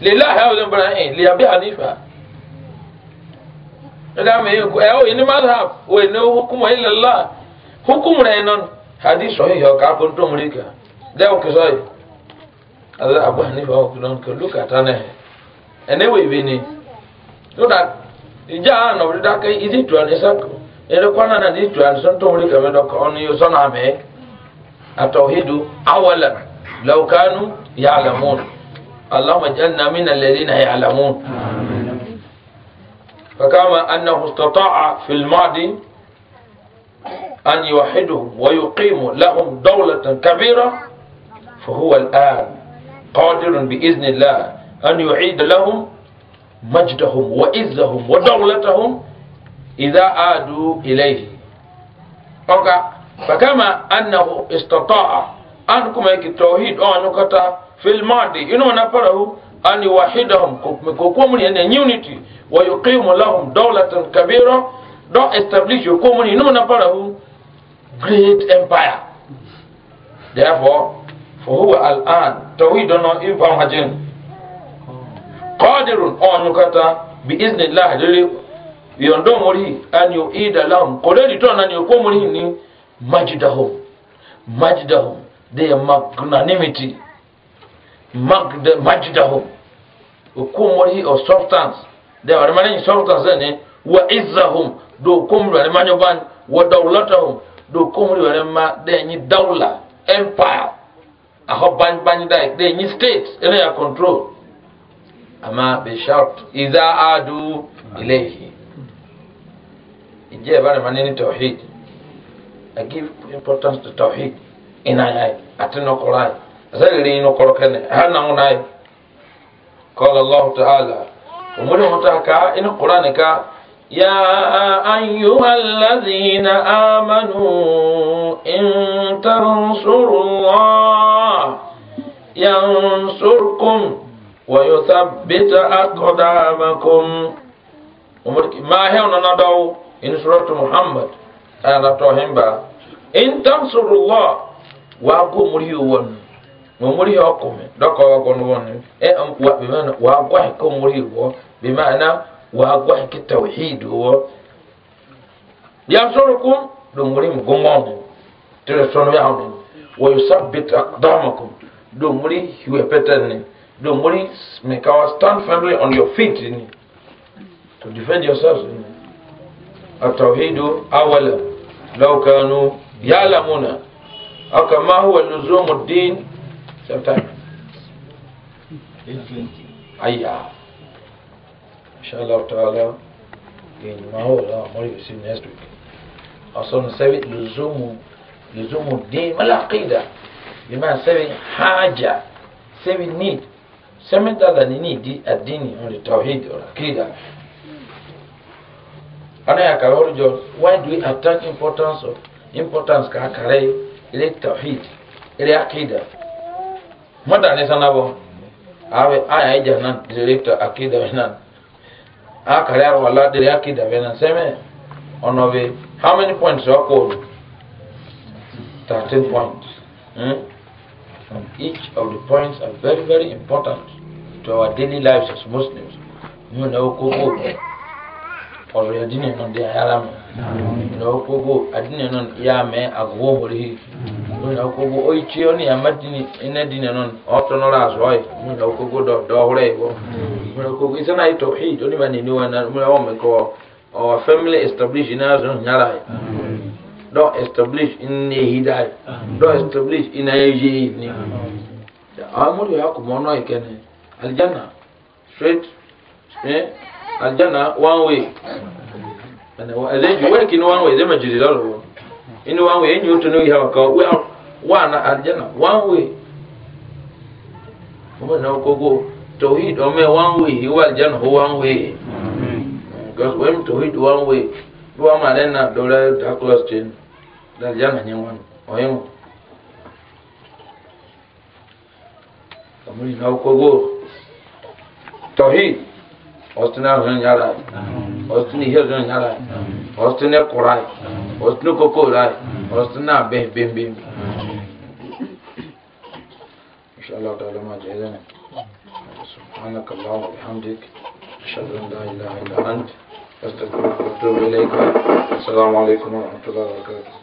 lilahi awudu mbara in liyabi hanifa ɛdá mi yín kú ɛ ó yín madhab wò ní hukumu ilala hukumu rẹ̀ nọ hadi sɔhi yọ ká kó tó múri ká dẹ́wọ̀ kí ala abu hanifa wọ̀ kúlọ̀ nkà lu kàtà nà ẹ̀ ẹ̀nẹ́ ibi ni tó dà ìjà ànà òbí dàkẹ́ ìdí kwana nà ìdí tu àná sọ́n اللهم اجعلنا من الذين يعلمون فكما أنه استطاع في الماضي أن يوحدهم ويقيم لهم دولة كبيرة فهو الآن قادر بإذن الله أن يعيد لهم مجدهم وعزهم ودولتهم إذا عادوا إليه فكما أنه استطاع an kuma yake tauhid on oh, nukata fil madi ino na farahu an yuwahidahum ko ko mun yana unity wa yuqimu lahum dawlatan kabira do establish ko mun ino na farahu great empire therefore for huwa al an tauhid on in fam hajin qadirun on oh, nukata bi iznillah dole yondo muri an yuida lahum ko dole to nan ko mun ni majdahum majdahum their magnanimity, mag majdahu, ukumuri or substance. They are remaining substance then, eh? wa izzahum, do kumri wa remanyo ban, wa dawlatahum, do kumri wa rema, they ni dawla, empire. Aho ban ban dai, they ni state, they are control. Ama be shout, idha adu ilayhi. Ije ba remanini tawhid. I give importance to tawhid. ina nyai ati no quran zai ri no korokene hana munai qala allah ta'ala umuri mutaka ina quran ka يا أيها الذين آمنوا إن تنصروا الله ينصركم ويثبت أقدامكم ما هي ندعو إن سورة محمد أنا توهم إن تنصروا الله waago muri won mo muri hoko me doko wago no won e wa be mana waago ko muri wo be mana waago ke tauhid wo yansurukum do muri mu gomo tere sono ya hono wa yusabbit aqdamakum do muri hiwe petani do muri make our stand firmly on your feet ni to defend yourselves التوحيد أولا لو كانوا يعلمون أو كما هو لزوم الدين sometimes أيا إن شاء الله تعالى ما هو لا مريض يصير next week أصلا سبب لزوم لزوم الدين ما العقيدة بمعنى سبب حاجة سبب need سمن هذا need الدين أو التوحيد أو العقيدة أنا يا كارول جون why do we attach importance of importance كأكاري ile tawhid ile akida mada ne sana bo awe aya ija nan ile ta akida nan a kare ar wala ile akida be nan seme ono be how many points are called 13 points hmm? and each of the points are very very important to our daily lives as muslims you know ọ̀rọ̀ yẹ dínì nù dé ayára mi ní ọkọ̀ọ̀kọ̀ adínì nù yá mẹ́ àgọ́wọ́ wọlé yìí ní ọkọ̀ọ̀kọ̀ oyi tí ó ní ẹ̀mẹ́ dínì iná dínì nù ọ̀tọ̀ nù rà sọ́ọ̀ yìí ní ọkọ̀ọ̀kọ̀ dọ̀ọ́rẹ́ yìí wọ́ ní ọkọ̀ọ̀kọ̀ ìsẹ́nà yìí tọ̀ hìí onímọ̀ nínú wọn ní ọwọ́ mi kọ́ ọ̀ family establish iná zọ̀ nyàrá yìí dọ̀ establish iná yìí dá yìí dọ̀ establish iná yìí ní. àwọn ọmọdé yà kò straight. ọ eh? aljana one way ɛzɛ wɛki ni one way ɛzɛ ma jiri lɔri wo one way enyi otu n'oyi ha waka we wana aljanna one way ɔmɔ na okogo tawhid ɔmɛ oh, one way iwa aljanna ho one way because when tawhid one way bí wọn máa nye wọn ɔyɛ wọn na ọtúnà ọ̀nyára ọtúnà ihe ọ̀nyára ọtúnà ẹ̀kọ́ra ọtúnà kókóra ọtúnà abẹ́ bẹ́ẹ̀bẹ́ẹ̀bẹ́. inshallah ta'ala ma jẹ́ ẹ̀dẹ́nà سبحانك اللهم وبحمدك أشهد أن لا إله إلا أنت أستغفرك وأتوب إليك السلام عليكم ورحمة الله وبركاته